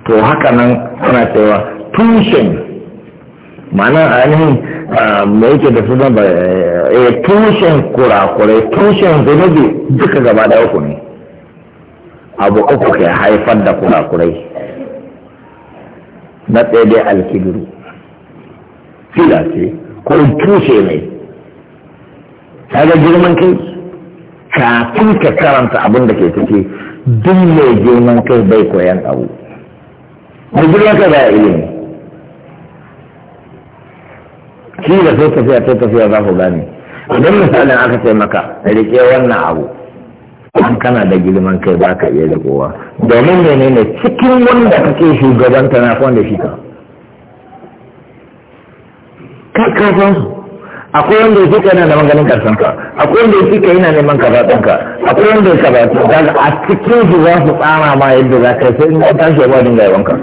to haka nan suna cewa tushen ma'ana ainihin mai yake da su ba eh, eh, tushen kurakurai tushen zunubi duka gaba da uku ne abu uku ke haifar da kurakurai na tsaye dai alkibiru fila ce ko tushe mai kaga girman kai kafin ka karanta abin da ke ciki duk mai girman kai bai koyan abu mai girman kai baya ilimi shi da sai tafiya sai tafiya za ku gane idan misalin aka ce maka rike wannan abu an kana da girman kai ba ka iya da kowa domin menene cikin wanda kake shugabanta na da shi ka ka kafan su akwai wanda ya fika yana da maganin karsan ka akwai wanda ya fika yana neman karatun ka akwai wanda ya karatu daga a cikin su za su tsara ma yadda za ka sai in ka tashi ya ba dinga yawan ka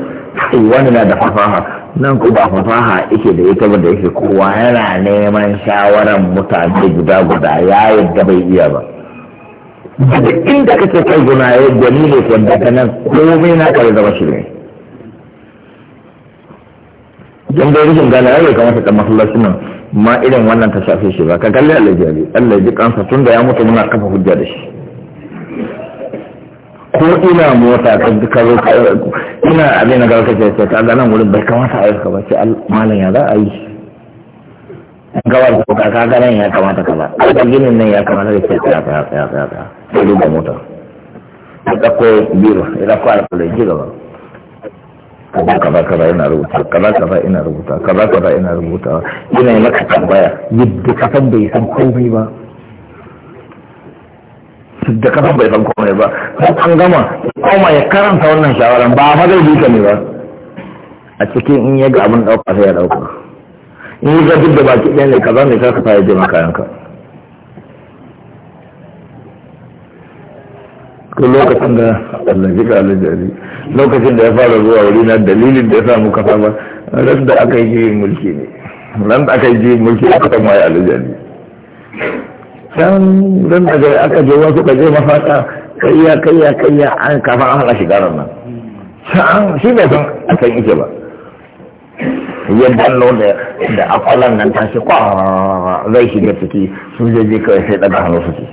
wani na da fasaha nan ku ba fasaha yake da ita ba da yake kowa yana neman shawaran mutane guda guda ya yadda bai iya ba duk inda kake kai guna ya gwani ne kwanda ta nan komai na kare zama shirin don da rikin gane ya kamata da masallacin nan ma irin wannan ta shafe shi ba ka kalli Allah jari kansa tun da ya mutu muna kafa hujja da shi ko ina mota ka duka zo ina abin na garka ce ce ta nan wurin bai kamata a yi ka ba ce malam ya za a yi ko ka nan ya kamata ka ba ginin nan ya kamata ce tsaya tsaya tsaya tsaya mota biro ya dauko gaba kaza kaza kaza ina rubuta kaza kaza ina rubuta kaza kaza ina rubuta yana maka tambaya yadda ka san bai san komai ba da kasan bai san komai ba ko an gama koma ya karanta wannan shawaran ba ma zai duka ne ba a cikin in ya ga abin dauka sai ya dauka in ya ga duk da baki ɗaya ne kaza ne ka fara jima kayanka ko lokacin da allaji ka allaji lokacin da ya fara zuwa wuri na dalilin da ya samu kafa ba ran da aka yi mulki ne ran da aka yi mulki aka ta mai ya can ran da aka je wasu ka je mafaka kayya kayya kayya an kafa an hana shiga nan can shi bai san a kan ba ya ballo da da akwalan nan ta shi kwa zai shiga ciki sun je je kawai sai daga hannu suke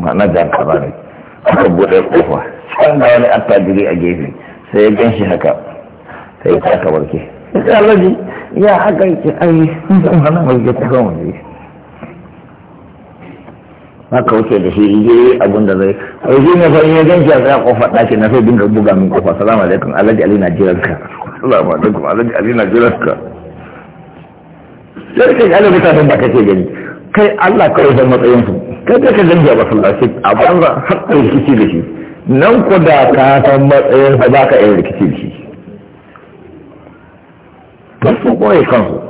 ma'ana jan kaba ne aka buɗe kofa can da wani attajiri a gefe sai ya gan shi haka sai ya taka Ya sai alaji ya haka yake ai sun hana barke ta kan waje haka wuce da shi je abin da zai ai shi ne fa ya gan shi a tsaya kofa ɗaki na sai dinga buga min kofa salamu alaikum alaji ali na jiran ka salamu alaikum alaji ali na jiran ka sai kai alaji mutanen da kake gani kai Allah kawai matsayin matsayinsu kada ka ba a masallaci a banza har ka rikici da shi nan ku da ka san matsayin ba za ka iya rikici da shi don sun koyi kansu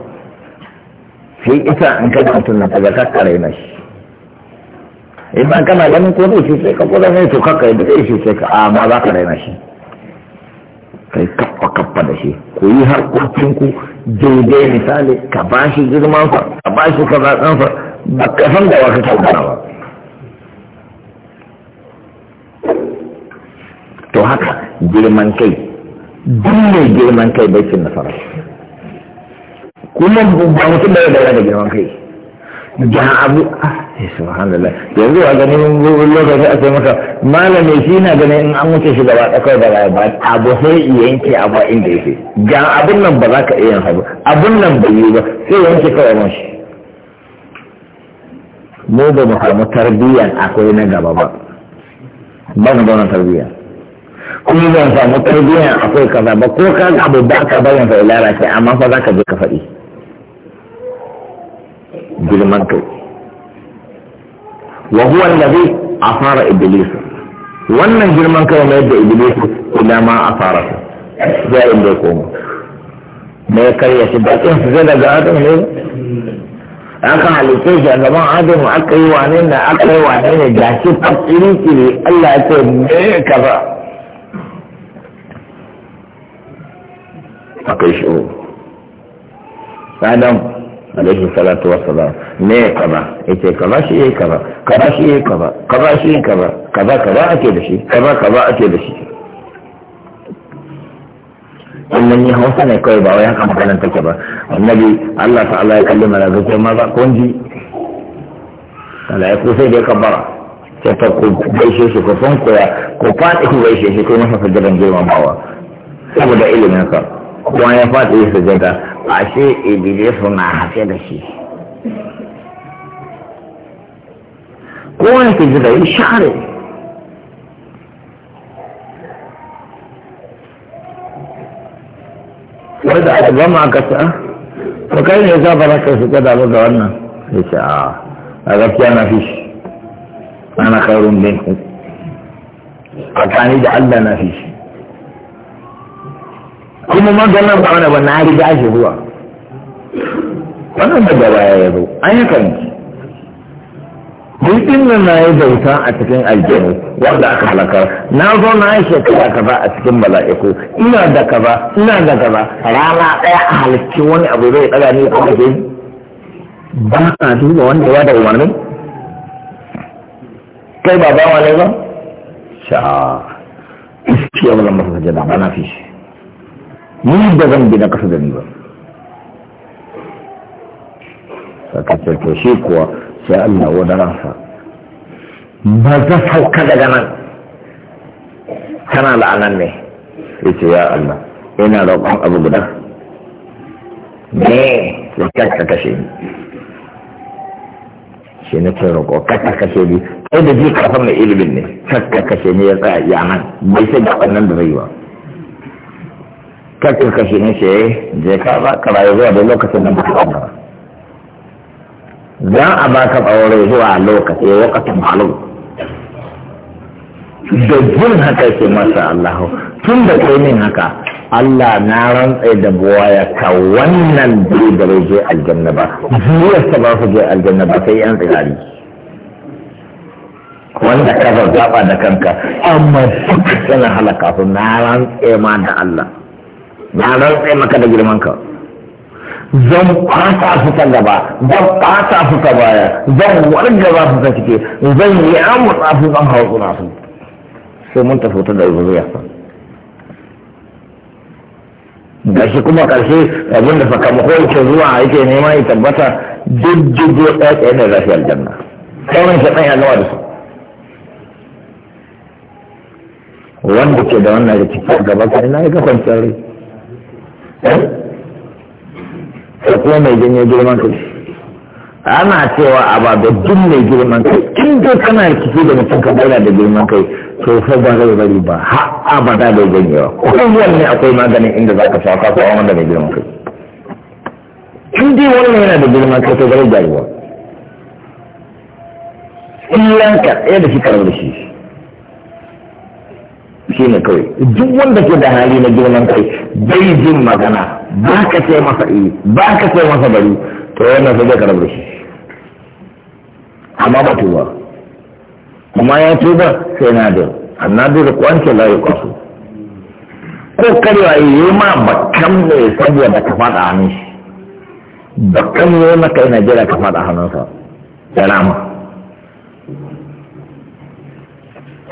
sai isa an kada ga mutum na daga kakkare na shi idan kana ganin ko zai sai ka ko zai to kakka da zai sai ka amma za ka raina shi kai kappa kappa da shi ku yi harkokinku ku daidai misali ka ba shi girman ka ba shi kaza ɗansa ba kafan da wasu saukana ba to haka girman kai duk mai girman kai bai nasara kuma ba mutum da ya da girman kai da abu ah, eh, subhanallah yanzu a ganin lokaci a maka malami shi na ganin in an wuce shi gaba ɗakar da ba abu sai yanke abu inda yake ga abun nan ba za ka iya yin abu abun nan bai yi ba sai yanke kawai mashi mu ba mu samu tarbiyyar akwai na gaba ba ba mu zauna tarbiyya kuma ban samu tarbiyyar akwai kaza ba ko ka abu ba ka bayan ilara lalace amma fa za ka je ka faɗi girman kai wa huwa allazi afara iblis wannan girman kai mai da iblis ila ma afara zai inda koma me karya shi da su zai daga adam ne aka halitta shi a zaman adam aka yi wane na aka yi wane ne da shi fasiri kiri Allah ya ce me kaza aka yi shiru Adam alaihi salatu wa salam me kaza yace kaza shi yayi kaza kaza shi yayi kaza kaza shi yayi kaza kaza kaza ake da shi kaza kaza ake da shi wannan ya hausa ne kawai ba wai haka maganar take ba annabi Allah ta'ala ya kalli malaikatu ma za ku ji malaiku sai dai kabbara ce ta ku gaishe shi ko san koya ko fadi ku gaishe shi ko masa sajadan girmamawa saboda ilimin kuma ya faɗi ya sajada ashe ibilisu na hafe da shi kowa ya sajada ya shahara. wai da aka gama aka sa to kai ne za ba ka shiga da da wannan ya ce a a gaskiya na fi shi ana kairun bin ku a kani da Allah na fi shi kuma maganar ba wani ba na riga shi zuwa wannan daga baya ya zo an yi kanki Jirgin nan na yi bauta a cikin aljihu wanda aka halaka na zo na yi shekara kaza a cikin mala'iku ina da kaza ina da kaza rana ɗaya a halicci wani abu zai ɗaga ni a wajen ba a duba wanda ya da umarni kai ba ba wani ba sha iske wala masa jada ba na fi shi ni da zan bi na kasa da ni ba sakace to shi kuwa sai Allah wadaransa ba za sauka daga nan kana la'anan ne ya ce ya Allah ina roƙon abu guda ne ya kakka kashe ni shi na ce roƙo kakka kashe ni kai da ji kafin na ilimin ne kakka kashe ni ya tsaya ya nan bai sai gaban nan da zai ba kakka kashe ni shi je ka ba ka rayu zuwa da lokacin da ɗan ba za a baka aure zuwa lokaci lokacin halum da jin haka ke masa Allahu. tun da kai min haka Allah na rantsa da ya ka wannan bai da bai je aljanna ba ta ba su je aljanna ba sai yan tsirari wanda ka zaɓa da kanka amma suka tana halaka su na rantsa ma da Allah na rantsa maka da girman ka zan fata su ta gaba zan fata su ta baya zan wargaba su ta cike zan yi amurta su zan hau suna su sai mun tafi ta da zuriya da shi kuma karshe abin da sakamako yake zuwa yake nema ya tabbata jirgin ɗaya tsaye da zafi aljanna kawai shi ɗaya nawa da su wanda ke da wannan rikici gaba kai na yi ga tsari. rai eh? da kuma mai janyo girman kai ana cewa a ba da duk mai girman kai in dai kana rikici da mutum ka daina da girman kai to fa ba zai bari ba ha abada bai janyewa kowanne akwai maganin inda za ka sha ka kawo wanda mai girman kai in dai wannan yana da girman kai to bari jaruwa illanka ya da shi karar da shi shi ne kawai duk wanda ke da hali na girman kai bai jin magana ba ka ce masa iri eh, ba ka ce masa bari to yana sai zai karar da shi amma ba tuba amma ya tuba sai na da annabi da kwance la ya kwaso ko karewa yi ma bakan ne saboda ka faɗa hannun shi bakan ne maka yana jira ka faɗa hannunsa da rama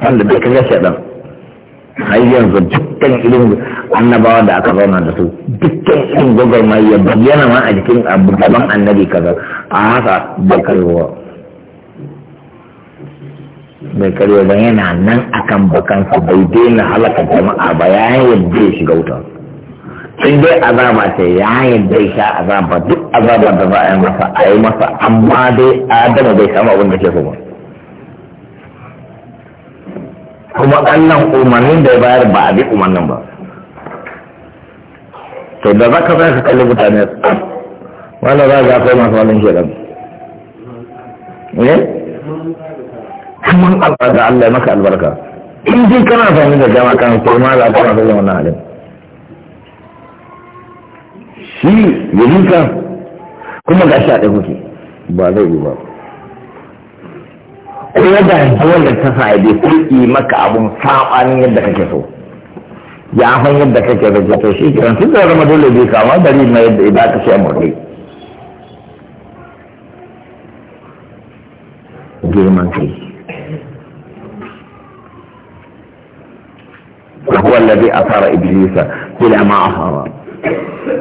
wanda bai kaga shaɗan har yanzu dukkan ilimin annabawa da aka zauna da su dukkan irin gwagwarmai ya bayyana ma a jikin abu gaban annabi kaza a haka bai karewa bai karewa ba yana nan akan bakansa bai daina halaka jama'a ba ya yadda ya shiga wuta in dai azaba ce ya yadda ya sha azaba duk azaba da za a yi masa a yi masa amma dai adama bai samu abin da ke so kuma wannan umarnin da ya bayar ba a bi umarnin ba to da za ka zai ka kalli mutane wanda za ga akwai masu wani shedan ne eh? kuman albarka Allah maka albarka in ji kana sami da jama'a kan to ma za ka masu zama na halin shi yi kuma ga a ɗaya kuke ba zai yi ba ko da wanda ta sa bai kulki maka abun sabanin yadda kake so ya san yadda kake da jato shi kiran su da zama dole bai kama dari na yadda idan ka sai murni girman kai هو الذي أثار إبليس ma a fara.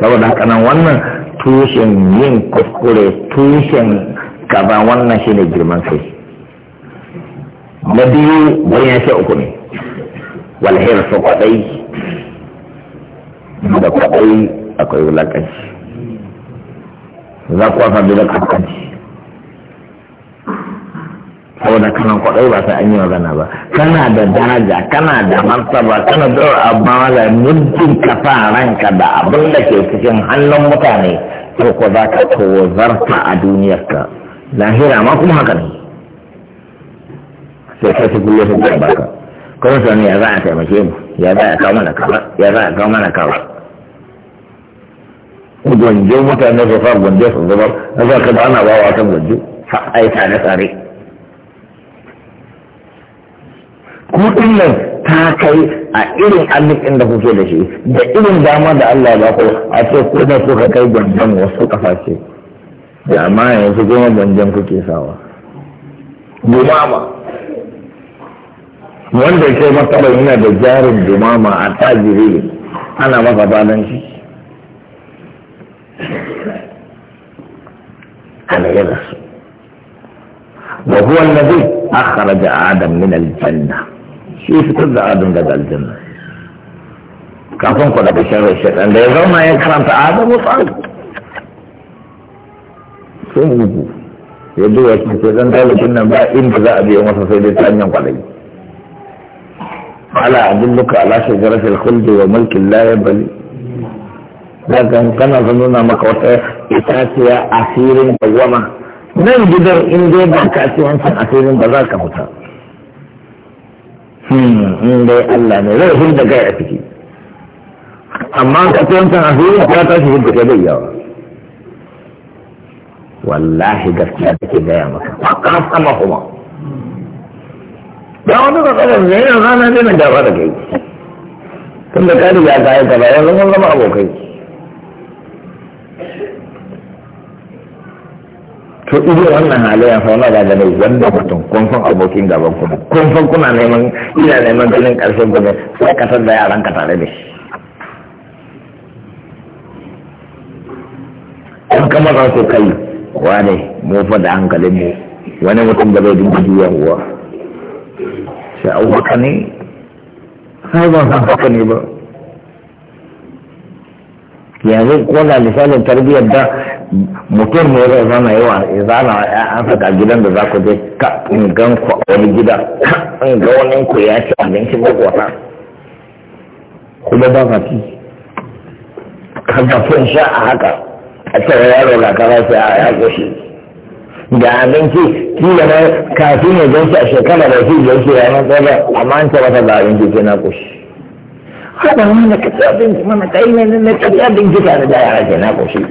saboda haka nan wannan tushen yin kuskure tushen kaza wannan shi ne girman kai na biyu wani ya ce uku ne walhir su kwaɗai da kwaɗai akwai wulakanci za ku wasa da kaskanci saboda kana kwaɗai ba sai an yi magana ba kana da daraja kana da martaba kana da amma da muddin ka ranka da abin da ke cikin hannun mutane to ko za ka zarta a duniyarka lahira ma kuma haka ne sai kai su kulle su biya baka kuma ne ya za a taimake mu ya za a kawo mana ya za a kawo mana kaza gwanje mutane su sa gwanje su zubar na za ka ba ana ba wa ta gwanje ha ai tare tsare kuɗin nan ta kai a irin arzikin da kuke da shi da irin dama da Allah ba ku a ce ku da suka kai gwanjan wasu ƙasashe da amma yanzu kuma gwanjan kuke sawa. Gumama. wanda ya kai martaba yana da jarin jumama a tajiri ana masa fadanci ana yana su wa huwa allazi akhraja adam min aljanna shi fitar da adam daga aljanna kafin ku da daga sharri shaitan da ya zauna ya karanta adam tsari sun yi uku ya duba shi ke zan talibin nan ba inda za a biya masa sai dai ta hanyar kwalai قال أدلك على شجرة الخلد وملك لا يبلي لكن كان ظنونا مقوطة إتاتيا أخير قوما من جدر إن دي باك أتيان سن أخير بذلك مطا إن دي ألا نرى هم دقائع تكي أما أتيان سن أخير لا تشي هم دقائع والله قفتيا تكي دايا مكا أما خمار da wani ka kada ne yana rana ne na gaba da kai tun da kari ya kayi gaba ya zama zama abokai to ido wannan hali halayen fauna da gane wanda mutum kun san abokin gaban kuma kun san kuna neman ina neman ganin karshen gobe sai ka san da yaran ka tare da shi an kama za su kai wane mu fa da hankalin mu wani mutum da bai dinga juya huwa sai abubakar ne ni saya ba yanzu kuna misalin tarbiyyar da mutum ne zai mereka yawa itu zaman an saka gidan da za ku je ka kau orang a wani gida ka cakap ga wani ku ya ci dah ba kwata kau ba ka ci agak acara kun sha a haka a ga abinci kila ma kafin ya ganshi a shekara da shi ganshi ya nan tsada amma an taɓa ta da abinci ke na kushi haɗa mana ka ci abinci mana ka yi ne na ka ci abinci tare da yara ke na kushi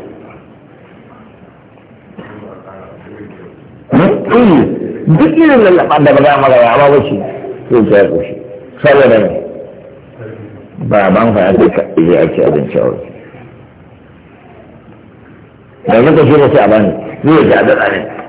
duk irin lallaɓa da ba za mu gaya ba wuce zai ci ya kushi saboda ne baban fa ya duka iya ci abinci a wuce da muka shi ne sai a bani zai ga da ne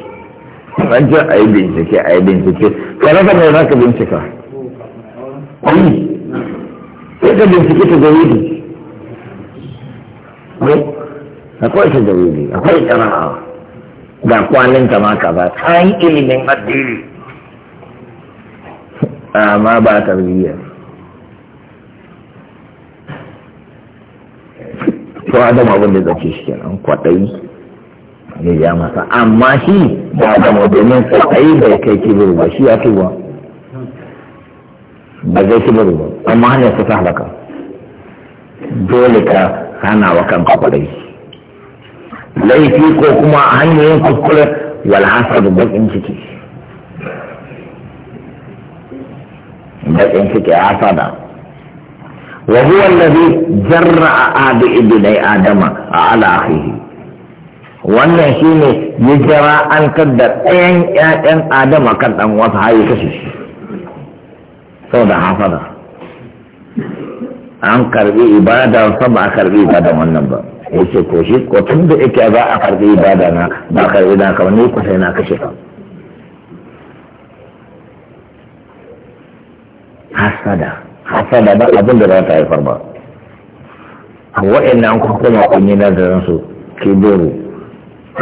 rancen a yi bincike a yi bincike ka rasa mai zaka bincika kuyi sai ka bincike ta jawidi akwai ta jawidi akwai tsana'a ga kwanin ta maka ba ta yi ilimin addini amma ba tarbiyyar to adam abin da zaki shi kenan kwadai ne ya masa amma shi ba zama domin kwaɗayi bai kai kibiru ba shi ya tuba ba zai kibiru ba amma hanyar su ta halaka dole ka hana wa kan kwakwarai laifi ko kuma hanyoyin kuskure wal da bakin ciki bakin ciki a adu الذي جرأ آب adama a ala أخيه wannan shi ne ya jira an kadda ɗayan ƴaƴan adam a kan ɗan wasu haye kashe shi saboda hafada an karbi ibada sa ba a karbi ibada wannan ba ya ce ko shi ko tun da yake za a karbi ibada na ba karbi na kamar ni kusa na kashe ka hasada hasada ba abin da za ta haifar ba wa'annan kuma kun yi nazarin su kibiru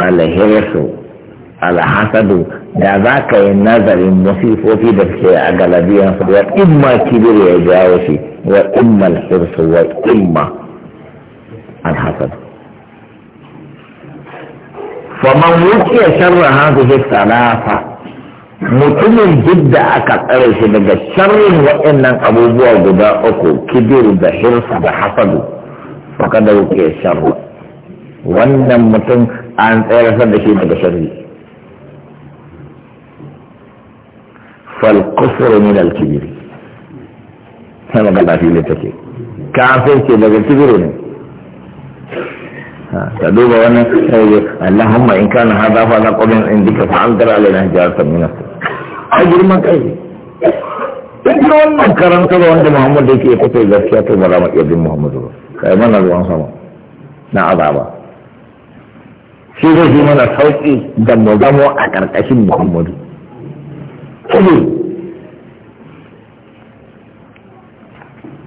قال هرس على حسد ذاك النظر المسيء في بس أغلبية صدوات إما كبير يجاوشي وإما الحرص وإما الحسد فمن وقي شر هذه الثلاثة متم جدا أكثرش من الشر وإن أبو بوغ دا أكو كبير دا حرص دا حسد فقد وقي شر وإن متم an tsayar da shi daga sharri falkusur min al-kibir alkibir ta magana ne take kafin ce daga kibir ne ta duba wannan sai Allahumma in kana hada fa la in dika fa amtar alaina ta minas ajir girman kai duk wannan karanta da wanda Muhammad yake fito gaskiya to ba za mu iya bin Muhammadu ba kai mana ruwan sama na azaba shi zai yi mana sauƙi da mu zamo a ƙarƙashin muhammadu kudu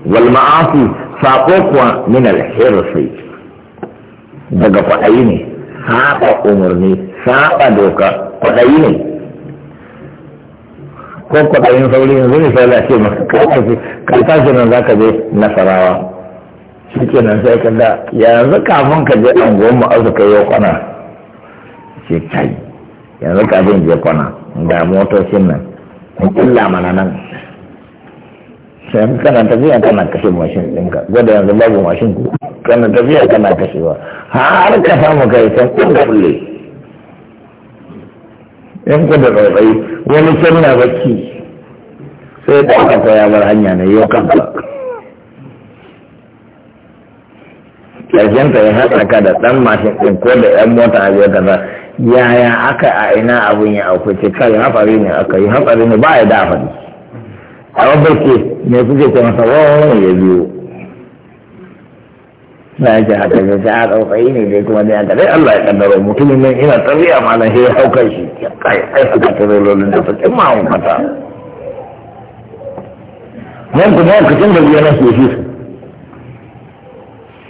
wal saƙo kuwa min alhirsi daga kwaɗayi ne saɓa umarni saɓa doka kwaɗayi ne ko kwaɗayin sauri yanzu misali a ce maka kai tashi nan za ka je nasarawa shi nan sai ka da yanzu kafin ka je anguwan mu arzika yau kwana sai kai yanzu kafin je kwana ga motocin nan in kulla mana nan sai kana tafiya kana kashe mashin ɗinka gwada yanzu babu mashin ku kana tafiya kana kashewa har ka samu kai san kun kulle in ku da tsautsayi wani can na bacci sai da aka ya bar hanya ne yau kanka ƙarshen ta ya haɗa ka da ɗan mashin ɗin ko da ƴan mota a biyar kaza yaya aka a ina abun ya auku ce kai hafari ne aka yi hatsari ne ba ya da hafari a babbar ke me kuke ce masa wani ya biyo na yake haka ne ce a tsautsayi ne dai kuma ne a dai Allah ya kaddara mutumin nan ina tafiya malam shi. ya hauka shi kai kai suka tare lolin da fakin ma'amfata. Nan kuma wakacin da biya su shi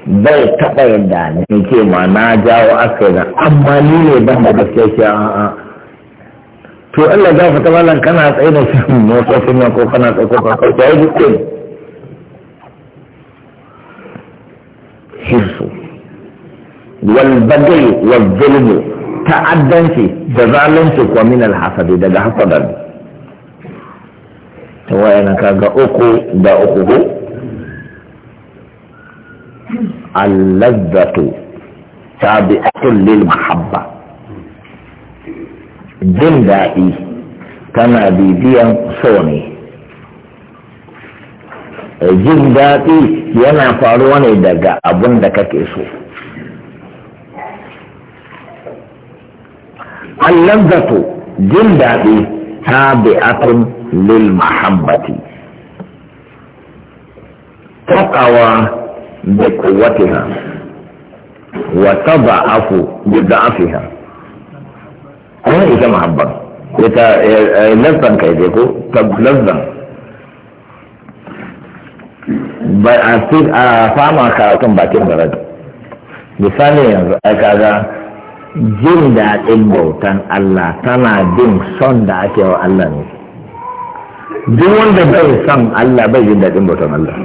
bai taɓa yadda ne ke ma na jawo aka yi amma ni ne ban da gaske shi a'a to Allah za fita malam kana tsaye da shi motsa nan ko kana tsaye ko kana kauce ai duk hirsu wal badai wal zulmu ta'addanci da zalunci ko min al hasadi daga hasadan to wayan kaga uku da uku اللذة تابعة للمحبة jin daɗi tana bibiya so ne jin daɗi yana faruwa ne daga abun da kake so allazzato jin daɗi tabi'atun lil mahabbati بقوتها وتضعف بضعفها kuma ita mahabban ita lazzan kai dai ko lazzan ba a fama karatun bakin barad misali yanzu ai kaga jin daɗin bautan Allah tana jin son da ake wa Allah ne duk wanda bai son Allah bai jin daɗin bautan Allah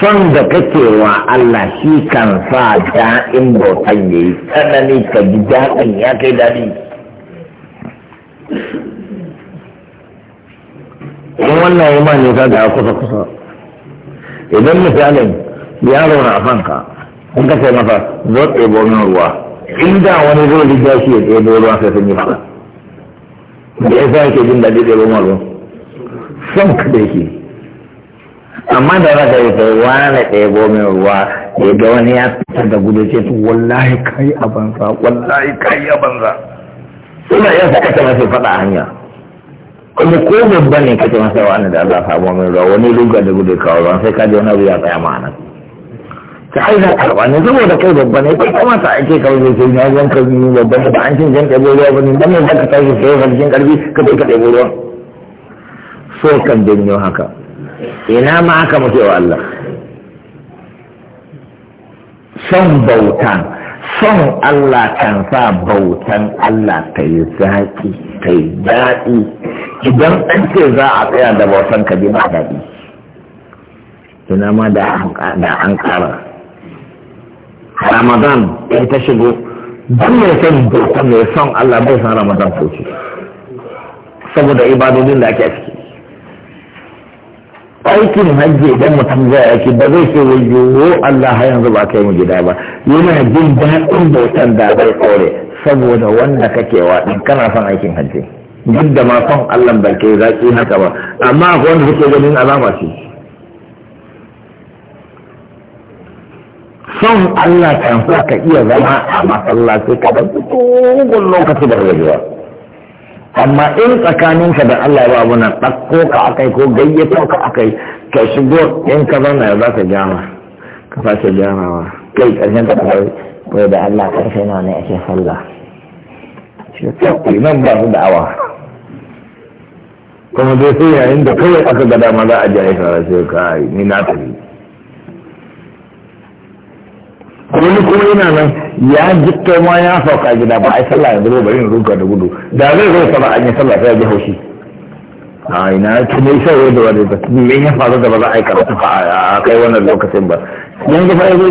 son da kake wa Allah shi kan sa da'in bautan ya yi tsanani ka ji daɗin ya kai daɗi in wannan yi ma ne ka ga kusa kusa idan misalin yaro na fanka in ka sai masa zo ɗebo min ruwa inda wani zai ya shi ya ɗebo ruwa sai sun yi fara da ya sa yake jin daɗi ɗebo ruwa son ka da yake amma da za ka yi kai wani ɗaya gomin ruwa ya ga wani ya fitar da gudu ce su wallahi kai a banza wallahi kai a banza suna yin ta mafi faɗa hanya kuma ko babba ne kake masa wani da Allah ta gomin ruwa wani ruga da gudu kawo ruwa sai ka ji wani abu ya tsaya ma ta aina karɓa ne saboda kai babba ne kai kuma ta ake kawo zai sai na zan kai biyu babba ne ba an cin jan ɗebo ruwa ba ne dan ne za ka tashi sai ka jin ƙarfi ka bai ka ɗebo ruwa so kan janyo haka ina ma aka mutu wa Allah son bautan son Allah kan sa bautan Allah ta yi zaki ta yi daɗi idan an ce za a tsaya da bautan ka ba daɗi ina ma da an ƙara ramadan ya ta shigo duk mai son bautan mai son Allah bai san ramadan ko saboda ibadodin da ake ciki aikin hajji idan mutum zai aiki ba zai ce wai yiwu Allah har yanzu ba kai mu gida ba yana jin daɗin bautan da bai kore saboda wanda kake wa din kana son aikin hajji duk da ma son Allah bai kai zaki haka ba amma akwai wanda suke ganin alama ce son Allah kan ka iya zama a masallaci ka da dogon lokaci da rayuwa amma in tsakaninka da Allah ba abu nan ɗakko ka akai ko gayyato ka akai ka shigo in ka zauna za ka jama ka fashe jamawa kai ƙarshen ka kawai ko da Allah ƙarshe na wani ake sallah shi ta nan ba su da'awa kuma zai sai yayin da kawai aka ga dama za a ji aika sai kai ni na tafi wani kuma yana nan ya jikto ma ya sauka gida ba ai sallah yanzu ba bari ruka da gudu da zai zo sana an yi sallah sai ya ji haushi a ina ta ne sai da wani ba me ya faru da ba za a yi karatu a kai wannan lokacin ba yanzu fa yanzu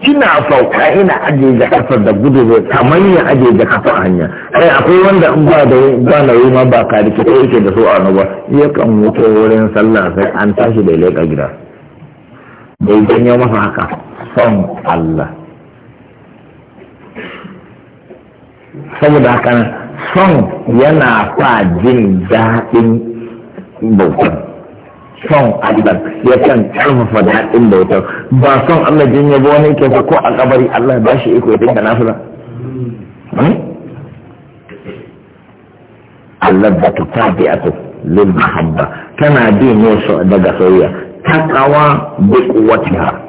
kina sauka ina ajiye da kasar da gudu zai kamar ya ajiye da kasar hanya kai akwai wanda in ba da ba na yi ma ba ka da kike yake da su a nuba ba ya kan wuce wurin sallah sai an tashi da leƙa gida bai janyo masa haka son Allah saboda haka son yana fa jin daɗin bautan son Allah ya kan karfafa daɗin bautar ba son Allah jin yabo wani ke ko a kabari Allah ba shi iko ya dinga nafila hmm? Allah ba ta tafi a lil mahabba tana bi ne daga soyayya taqawa bi quwwatiha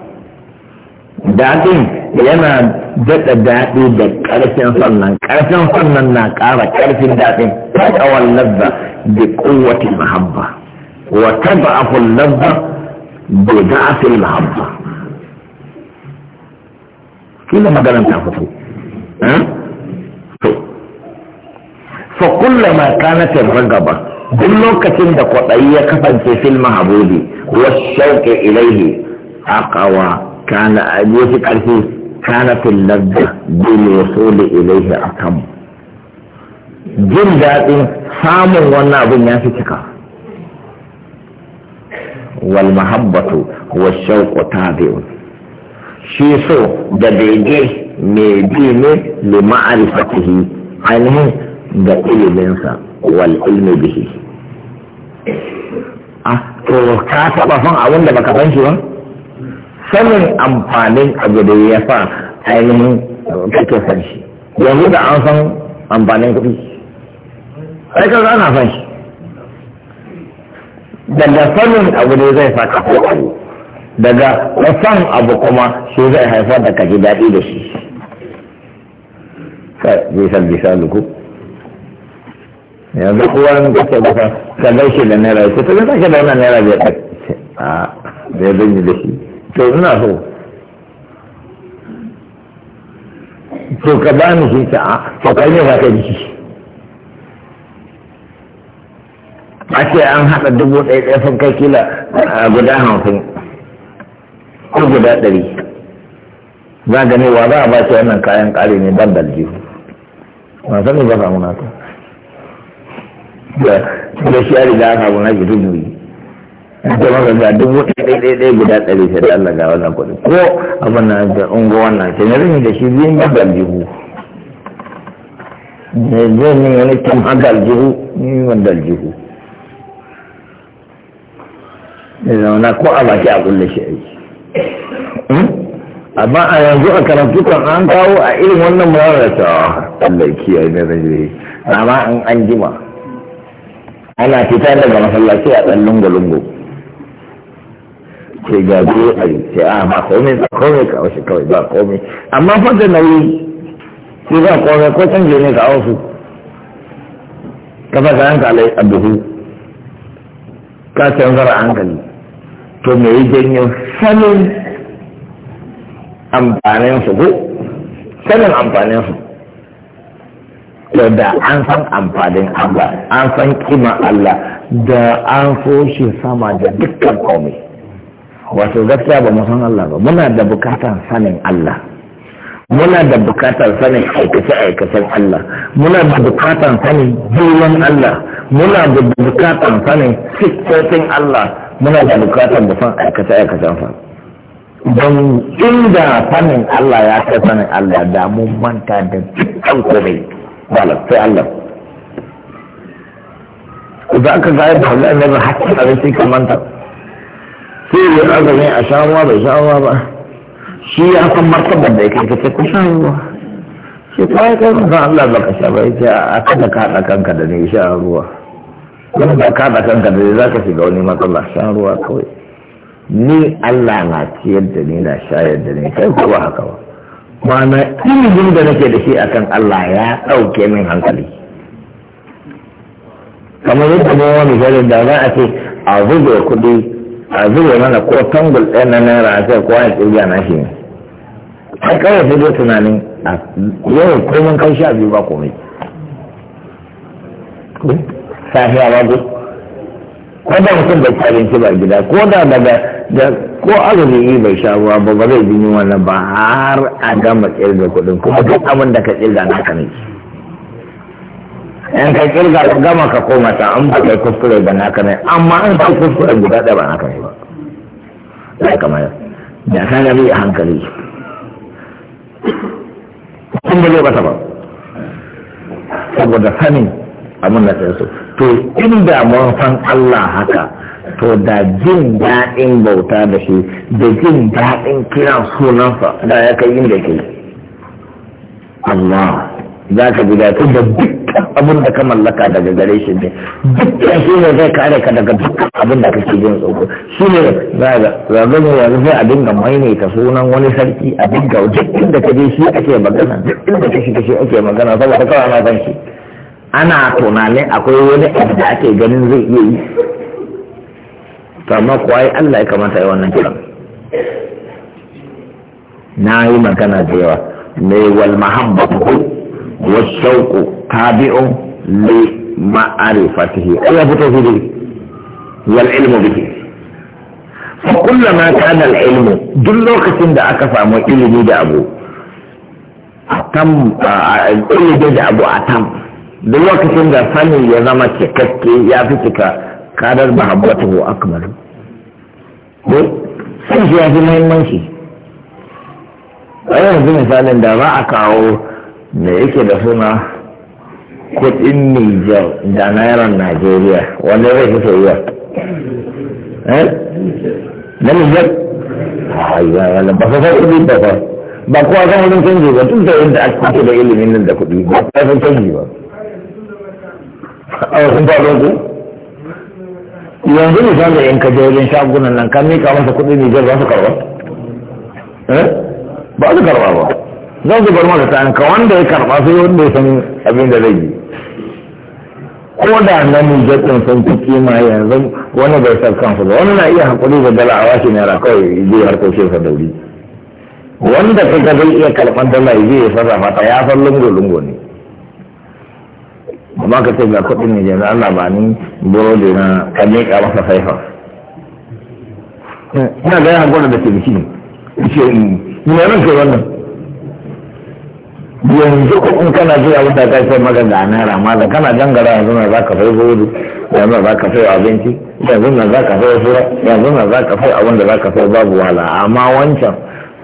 daɗin yana daɗa daɗi da ƙarfin sannan ƙarfin sannan na ƙara ƙarfin daɗin taƙawar lazza da kowace mahabba wa taba'afun lazza da da'afin mahabba kila maganar ta fito eh? fa kullama kanat ragaba duk lokacin da kwaɗayi ya kasance fil mahabubi wa shauƙi ilaihi aqawa kana a fi ƙarfi kana filladda bil wasuli ilaihi akamu jin daɗin samun wannan abun ya fi cika wal mahabbatu wa shauqu tabi'un shi so da bege mai bi ne li da iliminsa ah to ka taɓa son abin da baka san ba sanin amfanin abu da ya fa ainihin kake san shi yanzu da an san amfanin kuɗi sai ka ana san shi daga sanin abu ne zai saka abu daga san abu kuma shi zai haifar da kaji daɗi da shi bisa bisalu ku yanzu kuwa in kake da ka gaishe da naira ce ta zai sake da wannan naira biyar a zai zanyi da shi to ina so to ka ba ni sun ta ah, to kai ne za ka ji a ce an haɗa dubu ɗaya ɗaya sun kai kila guda hamsin ko guda ɗari za ga ne wa za a ba shi wannan kayan ƙari ne ban dalji ba sani ba samu nata da shi ya riga aka abu na gidu ne da maka ga duk wata ɗaiɗaiɗai guda ɗari sai da Allah ga wannan kuɗi ko abin na da ungo wannan sai na rini da shi biyun ya galjihu da zai min wani tam a galjihu ni man galjihu da zauna ko a baki a kulle shi aiki hmm? amma a yanzu a karatu kan an kawo a irin wannan da ta Allah kiyaye na rajiri amma an an jima ana fita daga masallaci a ɗan lungo lungo. sai ga biyu a yi sai a ah, ba komai ba komai ka wasu kawai ba komai amma na yi sai ba komai ko canje ne ka wasu ka fasa hanka alai abuhu ka canzara hankali to me yi janyo sanin amfanin su ko sanin amfanin su to da an san amfanin Allah an san kima Allah da an so shi sama da dukkan komai wato gaskiya ba mu san Allah ba muna da bukatar sanin Allah muna da bukatar sanin aikace-aikacen Allah muna da bukatar sanin jirgin Allah muna da bukatar sanin siffofin Allah muna da bukatar da san aikace-aikacen sa don inda sanin Allah ya kai sanin Allah da mun manta da dukkan komai malam sai Allah za ka ga ba Allah ne ba hakkin sai ka manta sai ya azumi a shawarwa ruwa shawarwa ruwa ba shi ya san martabar da yake kace ku sha ruwa shi ta yi kai manzon Allah baka sha ba yace a kada ka haɗa kanka da ne shawarwa ruwa don ba ka haɗa kanka da ne za ka shiga wani matsala shawarwa ruwa kawai ni Allah na ciyar da ni na shayar da ni kai ko ba haka ba ma'ana ilimin da nake da shi akan Allah ya ɗauke min hankali kamar yadda ma wani da za a ce a zuba kuɗi a zuba mana ko tangul ɗaya na naira a sai kowa ya tsirga na shi ne a kawai sai dai tunanin a yau komin kai sha biyu ba komai safiya ba duk ko da mutum bai ci abinci ba gida ko da daga da ko azumi bai sha ruwa ba ba zai jini wannan ba har a gama tsirga kuɗin kuma duk abin da ka tsirga na ka ne in ka kirga ka gama ka koma ta an ba kai kuskure ba na ne amma an ka kuskure guda ɗaya ba na ne ba ya ya da ka gani a hankali kun ba ba ta ba saboda sanin abin da sai su to inda mun san Allah haka to da jin daɗin bauta da shi da jin daɗin kiran sunansa da ya kai inda ke Allah za ka ji daɗi da dukkan abin da ka mallaka daga gare shi ne dukkan shi ne zai kare ka daga dukkan abin da kake jin tsoro shi ne zaga ne yanzu sai a dinga maimaita sunan wani sarki a dinga duk inda ka je shi ake magana duk inda ka shiga shi ake magana saboda kawai ana san shi ana tunanin akwai wani abu da ake ganin zai iya yi kama kuwa Allah ya kamata ya wannan kiran na yi magana da yawa mai wal mahabbatu والشوق تابع لمعرفته أي بتوحيده العلم به فكلما كان العلم دل وقت دا أكفى مؤلمي دا أبو أتم إلي دا أبو أتم دل وقت دا فني يزمك كتكي يافتك كادر محبته أكمل sai shi ya fi muhimmanci a yanzu misalin da za a me yake da suna kudin Nijar da Nairan Najeriya wanda zai fi soyuwa. Eh? Na Nijar? Aiwa wala ba fa sai ibi ba fa. Ba kowa san wurin canji ba tun da yadda aka kuke da ilimin nan da kuɗi ba Ba san canji ba. A wasu faɗo ku? Yanzu ne da in ka je wajen shagunan nan ka miƙa masa kuɗin Nijar eh? ba su karɓa? Ba su karɓa ba. zan zubar masa ta ka wanda ya karɓa sai wanda ya san abin da zai yi ko da na nijar ɗin san ciki ma yanzu wani bai san kansa ba wani na iya haƙuri da dala a washe naira kawai zai harkokin sa dauri wanda ka ga zai iya karɓar dala zai ya sarrafa ta ya san lungo-lungo ne amma ka ce ga kuɗin ne yanzu Allah ba ni burodi na ka miƙa masa saifa ina ga ya haƙura mm, da ke biki ne ce ne ranka wannan yanzu in kana zuwa wanda ka sai magana da naira malam kana gangara yanzu na za ka fai gudu yanzu za ka fai abinci yanzu na za ka fai fura yanzu na za ka fai abin da za ka fai babu wala amma wancan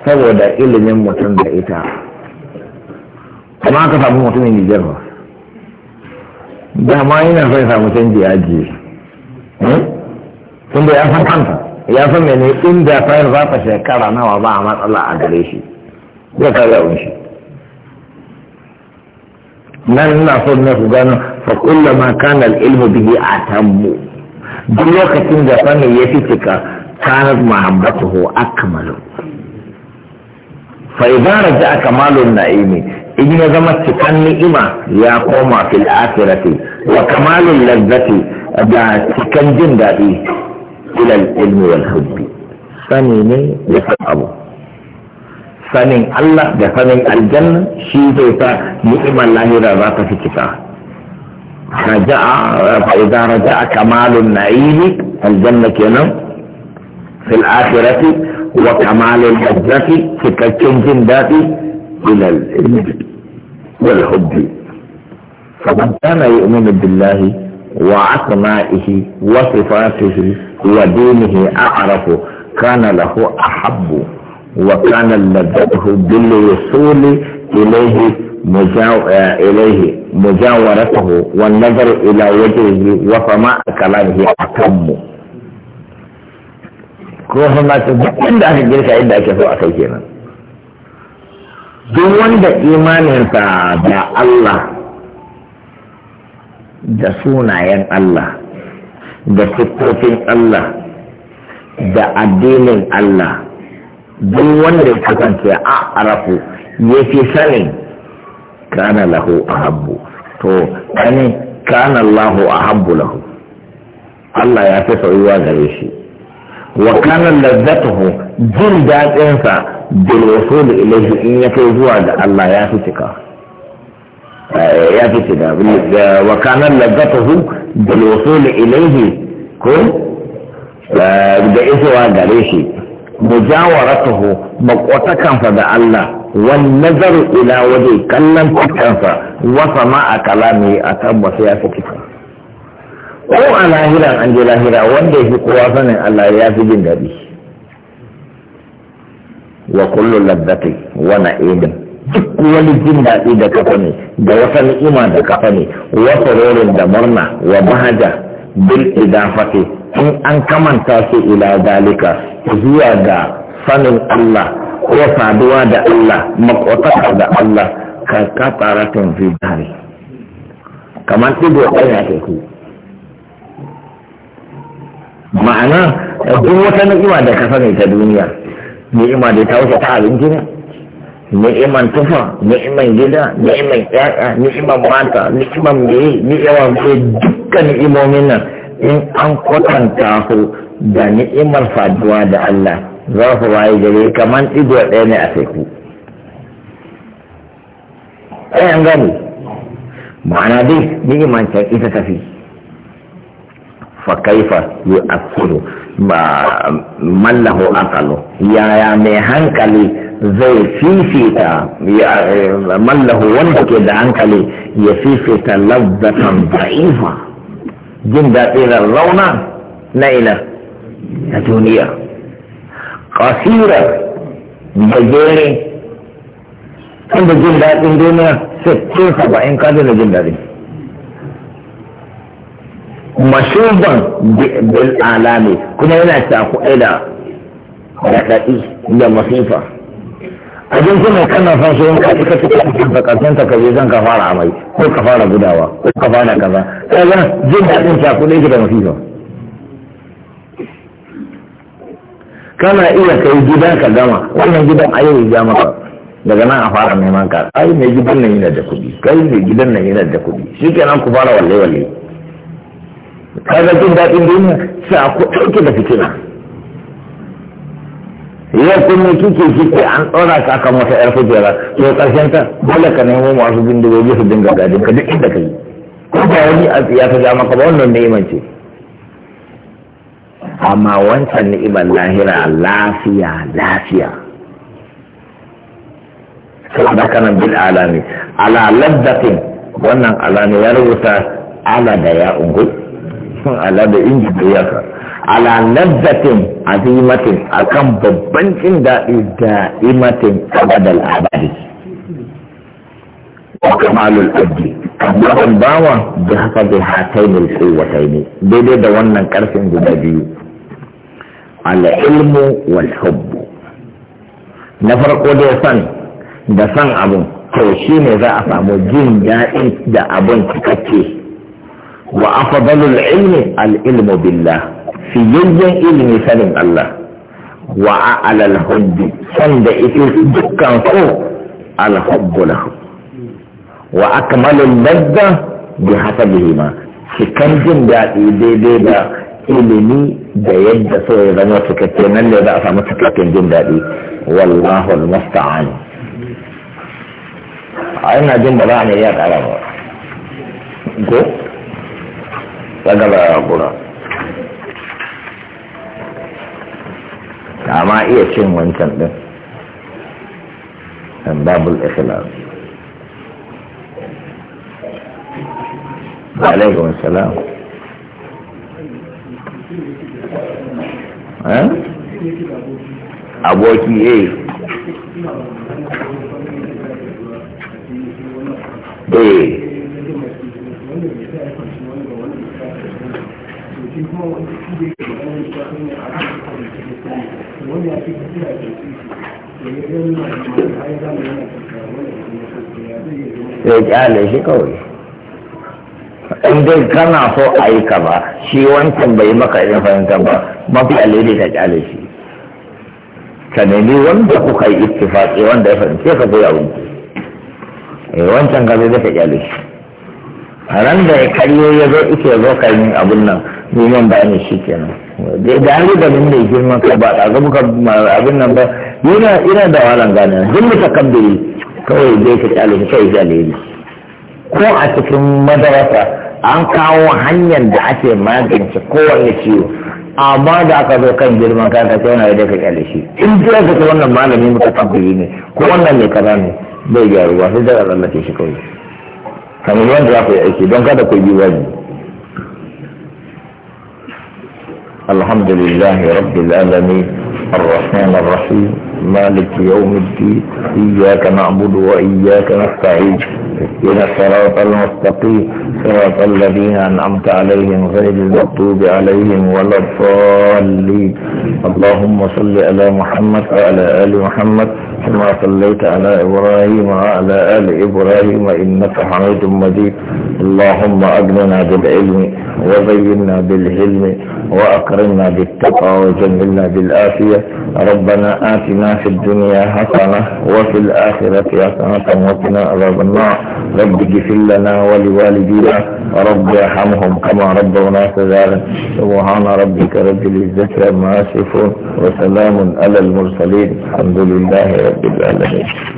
saboda ilimin mutum da ita kuma ka samu mutumin Nijar ba dama yana son samu canji ajiye hmm? tun da ya san kanta ya san mene inda sayar za ta shekara nawa ba a matsala a gare shi zai kare abin shi nan na so ne ku gano fa kullama kana al-ilmu bihi atammu duk lokacin da fanni ya fi cika kanat mahabbatuhu akmalu fa idza raja'a kamalun na'imi in ya zama cikan ni'ima ya koma fil akhirati wa kamalul ladzati da cikan jin daɗi ila al-ilmi wal hubbi sani ne ya abu sanin Allah da sanin aljanna shi zai sa ni'imar lahira za ta fi cika raja'a fa idza raja'a kamalun na'imi aljanna kenan fil akhirati wa kamalul ladzati cikakken jin dadi ila al-ilmi wal hubbi faman kana yu'minu billahi wa asma'ihi wa sifatihi wa dinihi a'rafu kana lahu ahabbu وكان لذته بالوصول إليه مجاو... إليه مجاورته والنظر إلى وجهه وسماع كلامه أتم ko ma ta duk inda aka girka inda ake so a kai kenan duk wanda imaninsa da Allah da sunayen Allah da siffofin Allah da addinin Allah duk wanda ya kasance a arafu ya fi sanin kana lahu a habbu to ani kana lahu a habbu lahu Allah ya fi soyuwa gare shi wa kana lazzatuhu jin daɗinsa bil wasul ilayhi in ya kai zuwa ga Allah ya fi cika eh, ya fi cika wa kana lazzatuhu bil wasul ilayhi ko eh, da isowa gare shi mujawaratuhu makwatakansa da Allah wan nazaru ila waje kallon kwatansa wa sama'a kalami a tabbata ya ko a lahiran an je lahira wanda ya fi kowa sanin Allah ya fi jin daɗi wa kullu ladati wa na'idin duk wani jin daɗi da kafa ne da wata ni'ima da kafa ne wa sarorin da murna wa bahaja bil idafati in an kamanta su ila dalika zuwa ga sanin Allah ko saduwa da Allah makwataka da Allah ka fara fi dare kamar ɗigo ɗaya teku ma'ana duk wata ni'ima da ka sani ta duniya ni'ima da ta wuce ta abinci ne ni'iman tufa ni'iman gida ni'iman ƴaƴa ni'iman mata ni'iman meye ni'iman meye dukkan ni'imomin nan in an kwatanta su da ni'imar faduwa da Allah za su waye gare kamar ido ɗaya ne a teku ɗayan gani ma'ana dai ni'imar can ita tafi fakaifa yi akuru mallahu akalu yaya mai hankali zai fifita mallahu wanda ke da hankali ya fifita lazzatan ba'ifa. jin daɗi na rauna na ina na duniya ƙasirar gajere inda jin daɗin duniya sittin saba'in kaji da jin daɗi mashuban bil alami kuma yana cakuɗe da daɗaɗi da masifa a jinkuna kana son su yanka ka suka cikin bakasun ta kaje zan ka fara amai ko ka fara gudawa ko ka fara kaza kaga jin daɗin ta kuɗe ki da masifa kana iya kai gidan ka gama wannan gidan a ya maka daga nan a fara neman ka ai mai gidan nan yana da kuɗi kai mai gidan nan yana da kuɗi shikenan ku fara walle walle kaga jin daɗin duniya sai a ku ɗauke da fitina ya kuma kike kike an tsora ka kan wata yar kujera to karshen ta dole ka nemo masu bindigogi su dinga gadin ka duk inda kai ko ba wani a ta ja maka ba wannan neman ce amma wancan ni'imar lahira lafiya lafiya saboda kana bil alami ala laddatin wannan alami ya rubuta ala da ya ungu ala da inji da yaka ala laddatin azimatin akan babban jin daɗi da imatin abadal abadi wa kamalul abdi wannan bawa da haka zai hatainul ne daidai da wannan karfin guda biyu al ilmu wal hubbu na farko da san da san abun to shi ne za a samu jin daɗi da abun cikakke wa afadalul ilmi al ilmu billah fiyayyen ilimi sanin Allah wa alal hubbi son da ita dukkan ko al lahu wa akmalul ladda bi hasabihi ma cikan jin daɗi daidai da ilimi da yadda so ya zama cikakke nan ne za a samu cikakken jin daɗi wallahu almusta'an a ina jin ba za a ne ya ƙara ba ya daga ba gura ma iya cin wancan ɗin dan babul ikhlas alaikum salam eh? aboki eh eh ya kyale shi kawai in dai kana so a yi ka ba shi wancan bai maka irin fahimta ba mafi alheri ka kyale shi ka nemi wanda kuka yi ittifaqi wanda ya ya ka ya wuce, eh wancan ka zai ka kyale shi a ran da ya karyo ya zo ike zo ka yi abun nan neman bayani shi kenan da an da min girman ka ba a ga muka abin nan ba yana ina da walan gane duk mutakabbiri kawai zai ka kyale ka kai kyale ne ko a cikin madarasa an kawo hanyar da ake magance kowane ciwo amma da aka zo kan girman kan ka tsauna da ka kyale shi in ji ka ce wannan malami muka tabbiri ne ko wannan mai kaza ne bai gyaruwa sai da lalace shi kawai kamar yadda za ku yi aiki don kada ku yi wajibi alhamdulillahi لله رب الرحمن الرحيم مالك يوم الدين إياك نعبد وإياك نستعين إلى الصراط المستقيم صراط الذين أنعمت عليهم غير المغضوب عليهم ولا الضالين اللهم صل على محمد وعلى آل محمد كما صليت على إبراهيم وعلى آل إبراهيم إنك حميد مجيد اللهم أجننا بالعلم وزينا بالهلم وأكرمنا بالتقى وجملنا بالآفية ربنا آتنا في الدنيا حسنة وفي الآخرة حسنة وقنا عذاب النار رب اغفر لنا ولوالدينا رب ارحمهم كما ربونا صغارا سبحان ربك رب العزة عما يصفون وسلام على المرسلين الحمد لله رب العالمين